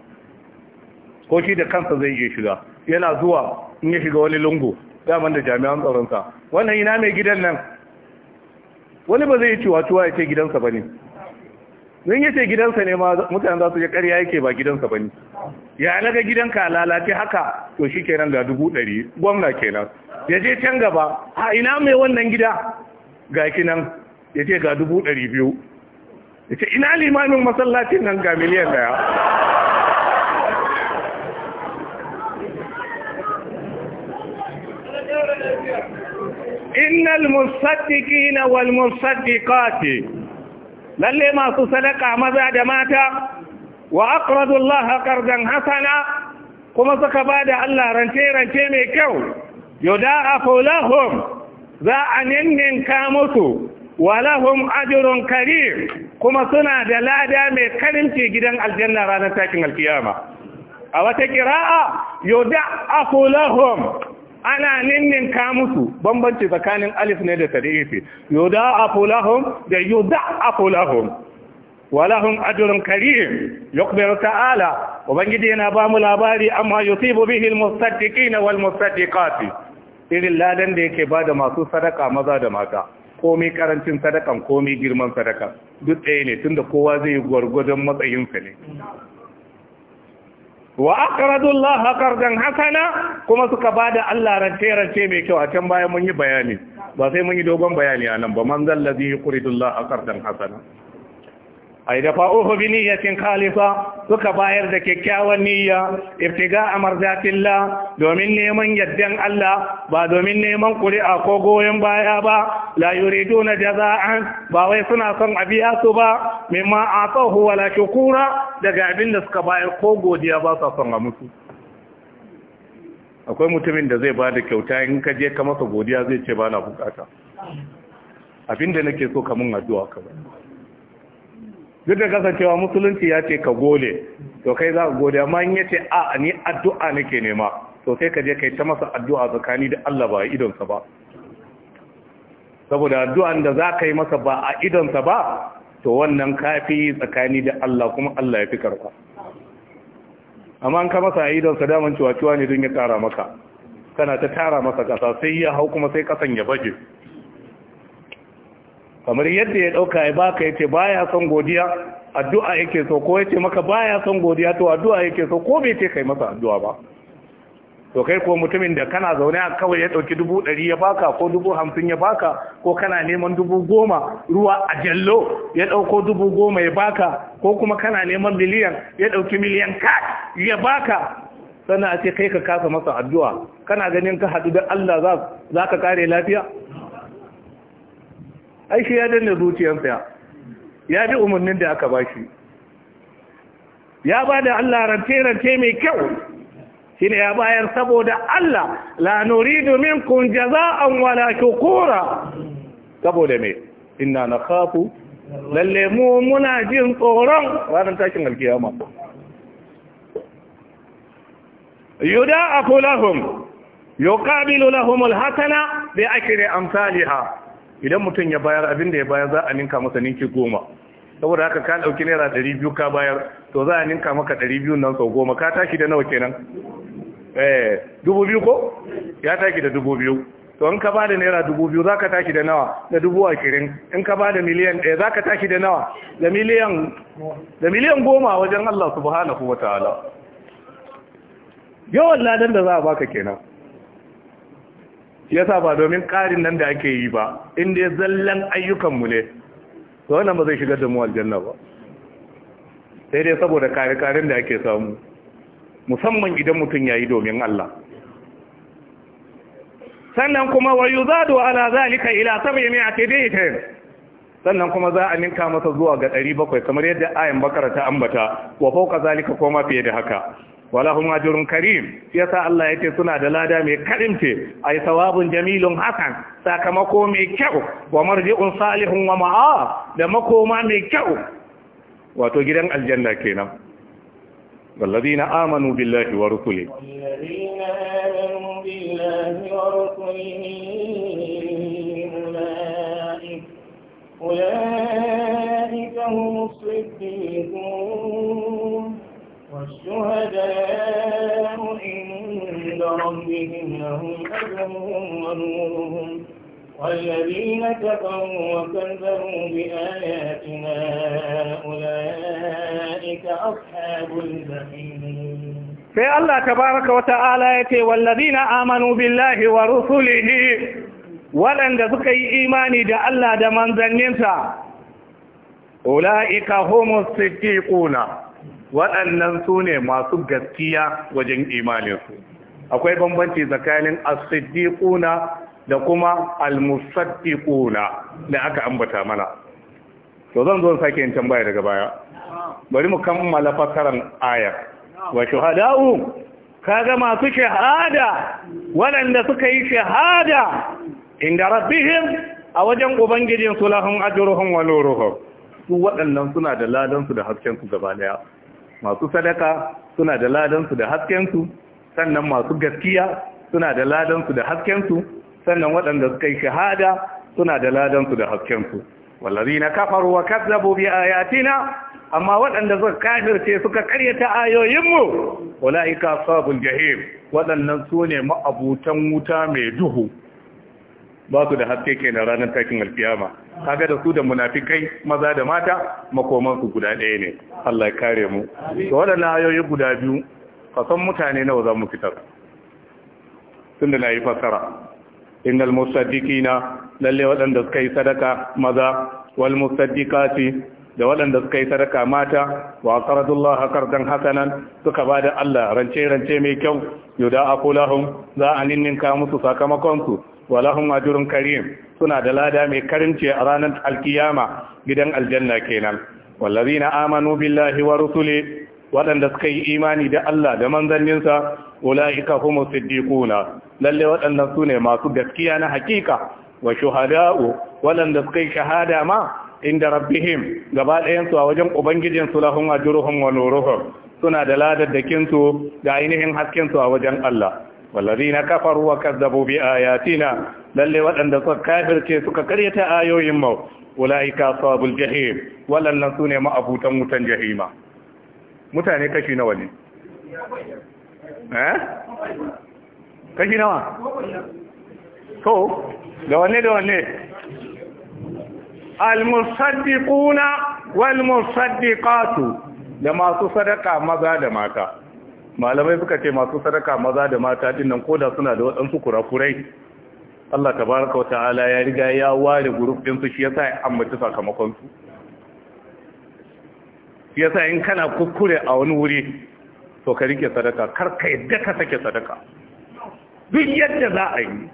[SPEAKER 1] ko shi da kansa zai iya shiga yana zuwa in ya shiga wani lungu daman da jami'an tsaronsa wannan ina mai gidan nan wani ba zai yi cewa ciwa ya ce gidansa ba ne don ya ce gidansa ne ma mutane za su ya karya yake ba gidansa ba ne ya naga gidanka lalace haka to shi kenan ga dubu ɗari gwamna kenan ya je can gaba a ina mai wannan gida ga kinan ya ce ga dubu ɗari biyu ya ce ina limanin masallacin nan ga miliyan daya innal musaddiqina wal musaddiqati lalle masu sadaka maza da mata wa aqradu Allah qardan hasana kuma suka bada Allah rance rance mai kyau yudaafu lahum za a ninninka musu wa lahum ajrun karim kuma suna da lada mai karimci gidan aljanna ranar takin alkiyama a wata qira'a yudaafu lahum ana ka musu bambanci tsakanin alif ne da tarifi yuda afulahum da yuda afulahum walahum ajrun karim yukbiru ta'ala ubangiji yana ba mu labari amma yusibu bihi almusaddiqina walmusaddiqati irin ladan da yake bada masu sadaka maza da mata komai karancin sadakan komai girman sadakan duk ɗaya ne tunda kowa zai gwargwadon matsayinsa ne wa aqradullaha qardan hasana kuma suka bada Allah rance rance mai kyau a can bayan mun yi bayani ba sai mun yi dogon bayani anan ba man zallazi yuqridullaha qardan hasana yi da fa'uhu bi niyyacin khalifa suka bayar da kyakkyawan niyya a amarzatillah domin neman yaddan Allah ba domin neman kuri'a ko goyon baya ba la na jaza'an ba wai suna son a biya su ba mimma tsohu wala shukura daga abin da suka bayar ko godiya ba sa son a mutu. akwai mutumin da zai bada kyauta in ka je ka masa godiya zai ce ba na bukata abinda nake so kamun addu'a ka ba duk da kasancewa musulunci ya ce ka gode to kai za ka gode amma in ya ce a ni addu'a nake nema to sai ka je kai ta masa addu'a tsakani da Allah ba a idonsa ba saboda addu'an da za ka yi masa ba a idonsa ba to wannan kafi tsakani da Allah kuma Allah ya fi karfa amma an ka masa a idonsa daman ciwa-ciwa ne don ya tara maka kana ta tara masa kasa sai ya hau kuma sai kasan ya baje kamar yadda ya dauka ya baka yace baya son godiya addu'a yake so ko yace maka baya son godiya to addu'a yake so ko bai ce kai masa addu'a ba to kai ko mutumin da kana zaune a kawai ya dauki dubu ɗari ya baka ko dubu hamsin ya baka ko kana neman dubu goma ruwa a jallo ya ɗauko dubu goma ya baka ko kuma kana neman miliyan ya ɗauki miliyan ka ya baka sannan a ce kai ka kasa masa addu'a kana ganin ka haɗu da Allah za ka kare lafiya ai shi ya danne zuciyarsa ya bi umarnin da aka bashi ya ba da Allah rance-rance mai kyau shi ne ya bayar saboda Allah la nuridu minkum jaza'an wala shukura saboda me inna nakhafu lalle mu muna jin tsoron ranar tashin alkiyama yuda'afu lahumul yuqabilu lahum alhasana bi akri amsalha idan mutum ya bayar abin da ya bayar za a ninka masa ninki goma saboda haka ka ɗauki naira ɗari biyu ka bayar to za a ninka maka ɗari biyu nan sau goma ka tashi da nawa kenan eh dubu biyu ko ya tashi da dubu biyu to in ka ba da naira dubu biyu za ka tashi da nawa da dubu ashirin in ka ba da miliyan ɗaya za ka tashi da nawa da
[SPEAKER 3] miliyan
[SPEAKER 1] goma wajen Allah subhanahu wa ta'ala yawan ladan da za a baka kenan Ya sa ba domin ƙarin nan da ake yi ba inda zallan ayyukanmu ne to wannan ba zai shigar da mu aljanna ba sai dai saboda kare-karen da ake samu musamman idan mutum ya yi domin Allah sannan kuma wayu za wa yuzadu ala zalika ila a 700 dirham sannan kuma za a ninka masa zuwa ga 700 kamar yadda ayin bakara ta ambata wa fauka zalika koma fiye da haka walahum ajrun karim yasa Allah yake suna da lada mai karimce ai sawabun jamilun hasan sakamako mai kyau wa marji'un salihun wa ma'a da makoma mai kyau wato gidan aljanna kenan والذين amanu بالله ورسله
[SPEAKER 2] والذين آمنوا بالله ورسله أولئك, أولئك والشهداء عند ربهم لهم أجرهم ونورهم والذين كفروا وكذبوا بآياتنا أولئك أصحاب الجحيم
[SPEAKER 1] في الله تبارك وتعالى والذين آمنوا بالله ورسله ولن تذكي إيماني دا الله دا من manzanninsa أولئك هم الصديقون waɗannan su ne masu gaskiya wajen imaninsu akwai bambanci tsakanin asidikuna da kuma almusadikuna na da aka ambata mana to zan zo sake yin tambaya daga baya bari mu kammala fakaran ayar wa shuhada'u kaga masu shahada waɗanda suka yi shahada inda rabbihim a wajen ubangijin su lahum ajruhum wa nuruhum su waɗannan suna da ladan da hasken su gaba daya masu sadaka suna da ladansu da haskensu sannan masu gaskiya suna da ladansu da haskensu sannan waɗanda suka yi shahada suna da ladansu da haskensu wallazina kafaru wa kazzabu bi ayatina amma waɗanda suka kafirce suka karyata ayoyinmu ulaika sabul jahim waɗannan sune ma'abutan wuta mai duhu ba su da haske ke na ranar takin alfiyama kaga da su da munafikai maza da mata makoman guda ɗaya ne Allah ya kare mu to waɗannan ayoyi guda biyu kasan mutane nawa za mu fitar tunda na yi fasara innal musaddiqina lalle waɗanda suka yi sadaka maza wal musaddiqati da waɗanda suka yi sadaka mata wa qaradullah qardan hasanan suka ba da Allah rance rance mai kyau yuda aqulahum za a ninninka musu sakamakon walahum ajrun karim suna da lada mai karinci a ranar alkiyama gidan aljanna kenan na amanu billahi wa rusuli waɗanda suka yi imani da Allah da manzanninsa ula'ika humus siddiquna lalle waɗannan su ne masu gaskiya na hakika wa shuhada'u waɗanda suka yi shahada ma inda rabbihim gaba ɗayansu a wajen ubangijin su lahum ajruhum wa nuruhum suna da ladaddakin su da ainihin haskensu su a wajen Allah na kafaru wa kazzabu bi ayatina lalle waɗanda suka kafirce suka karyata ayoyin mu ulaika ashabul jahim wallan sune ma'abutan wutan jahima mutane kashi nawa ne eh kashi nawa to da wanne da wanne al-musaddiquna wal-musaddiqatu da masu sadaka maza da mata malamai suka ce masu sadaka maza da mata dinnan da suna da waɗansu kurakurai Allah tabaraka wa ta'ala ya riga ya ware group din su shi yasa ya sakamakon su shi yasa in kana kuskure a wani wuri to ka rike sadaka kar ka yadda ka sake sadaka duk yadda za a yi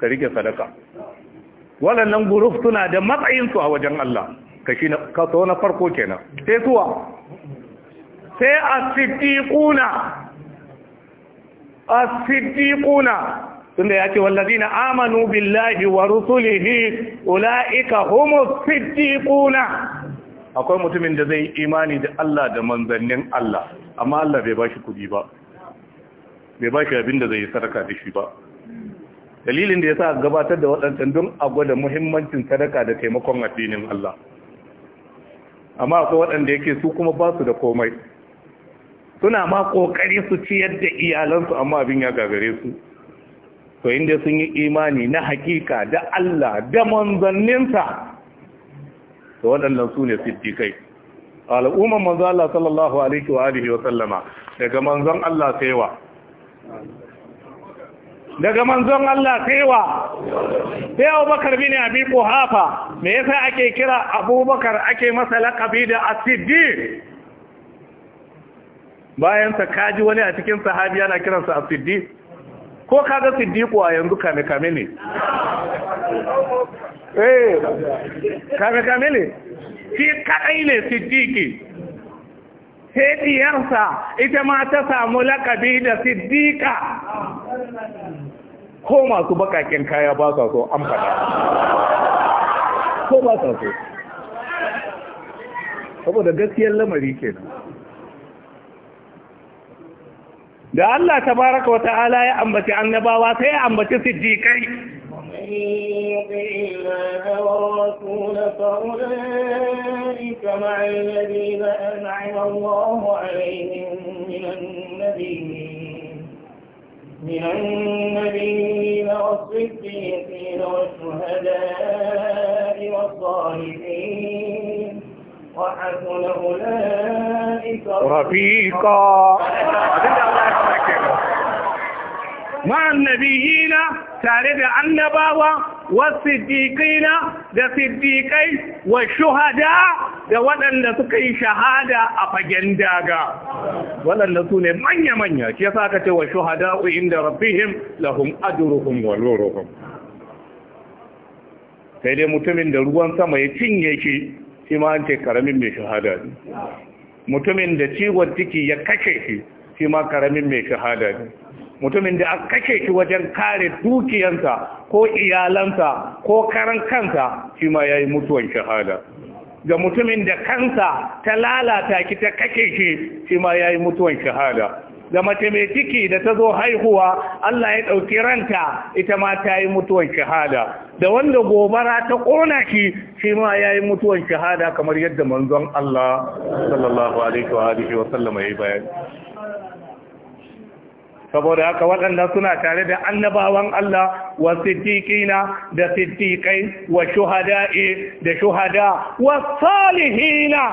[SPEAKER 1] ka rike sadaka waɗannan guruf suna da matsayin su a wajen Allah Ka na na farko kenan sai suwa sai as-siddiquna as-siddiquna tunda wallazi na, amanu billahi wa rusulihi ulaika humus siddiquna akwai mutumin da zai imani da Allah da manzannin Allah amma Allah bai bashi kudi ba bai bashi abin da zai sadaka da shi ba dalilin da ya sa gabatar da waɗancan don a gwada muhimmancin sadaka da taimakon addinin Allah amma akwai waɗanda yake su kuma ba su da komai suna ma kokari su ciyar da iyalansu amma abin ya gagare su to inda sun yi imani na hakika da Allah da manzanninsa to waɗannan su ne siddiƙai al'umman manzo Allah sallallahu alaihi wa alihi wa sallama daga manzon Allah saiwa daga manzon Allah saiwa sai Abubakar bin Abi Quhafa me yasa ake kira Abubakar ake masa laqabi da As-Siddiq bayansa kaji wani a cikin sahabi yana kiransa a siddi ko kaga siddiku a yanzu kame-kame ne eh kame-kame ne shi kadai ne siddiki hediyarsa ita ma ta samu lakabi da siddika ko masu bakakin kaya ba sa so an fada ko ba sa so saboda gaskiyar lamari kenan da Allah tabaraka wa ta'ala ya ambaci annabawa sai ya ambaci siddiqai
[SPEAKER 2] مع الذين الله عليهم من من النبيين والصديقين والشهداء والصالحين وحسن أولئك رفيقا
[SPEAKER 1] ma'an tare da annabawa wasiddiqina da siddiƙai wa shuhada da waɗanda suka yi shahada a fagen daga waɗanda su ne manya-manya shi yasa ce wa shuhada inda rabbihim lahum ajruhum wa sai dai mutumin da ruwan sama ya cinye shi shi ma an ce karamin mai shahada ne mutumin da ciwon ciki ya kashe shi shi ma karamin mai shahada ne mutumin da aka kashe shi wajen kare dukiyansa ko iyalansa ko karan kansa shi ma ya yi mutuwan shahada ga mutumin da kansa ta lalata ki ta kashe shi shi ma ya yi mutuwan shahada ga mace mai ciki da ta zo haihuwa Allah ya ɗauki ranta ita ma ta yi mutuwan shahada da wanda gobara ta ƙona shi shi ma ya yi mutuwan shahada kamar yadda manzon Allah sallallahu alaihi wa wa sallama ya yi saboda haka waɗanda suna tare da annabawan Allah wa siddiqina da siddiqai wa shuhada'i da shuhada wa salihina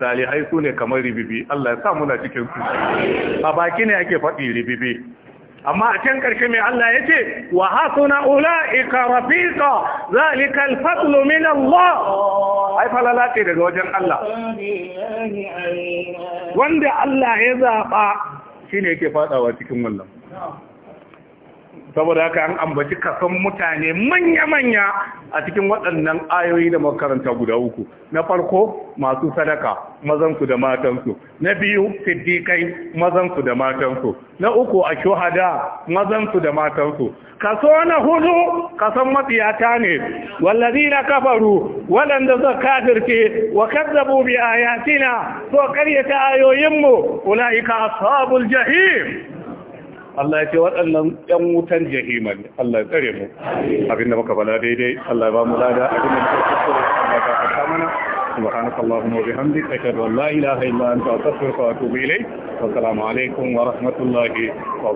[SPEAKER 1] salihai su ne kamar ribibi Allah ya sa muna cikin su a baki ne ake faɗi ribibi amma a can ƙarshe mai Allah ya ce wa hasuna ula'ika rafiqa zalika al-fadlu min Allah ai falala ce daga wajen Allah wanda Allah ya zaba shine yake fadawa cikin wannan saboda haka an ambaci kasan mutane manya-manya a cikin waɗannan ayoyi da makaranta guda uku na farko masu sadaka mazansu da matansu na biyu siddiƙai mazansu da matansu na uku a shuhada mazansu da matansu kaso na hudu kasan matsiyata ne wallazi na kafaru waɗanda suka kafirce wa kazzabu bi ayatina so karyata ayoyinmu ulaika ashabul jahim Allah ya ce waɗannan ƴan wutan jahima ne Allah ya tsare mu da muka bala daidai Allah ya ba mu lada abinda muka kuskure Allah ya kafa mana سبحانك اللهم وبحمدك أشهد أن لا إله إلا أنت أستغفرك وأتوب إليك والسلام
[SPEAKER 3] عليكم ورحمة الله وبركاته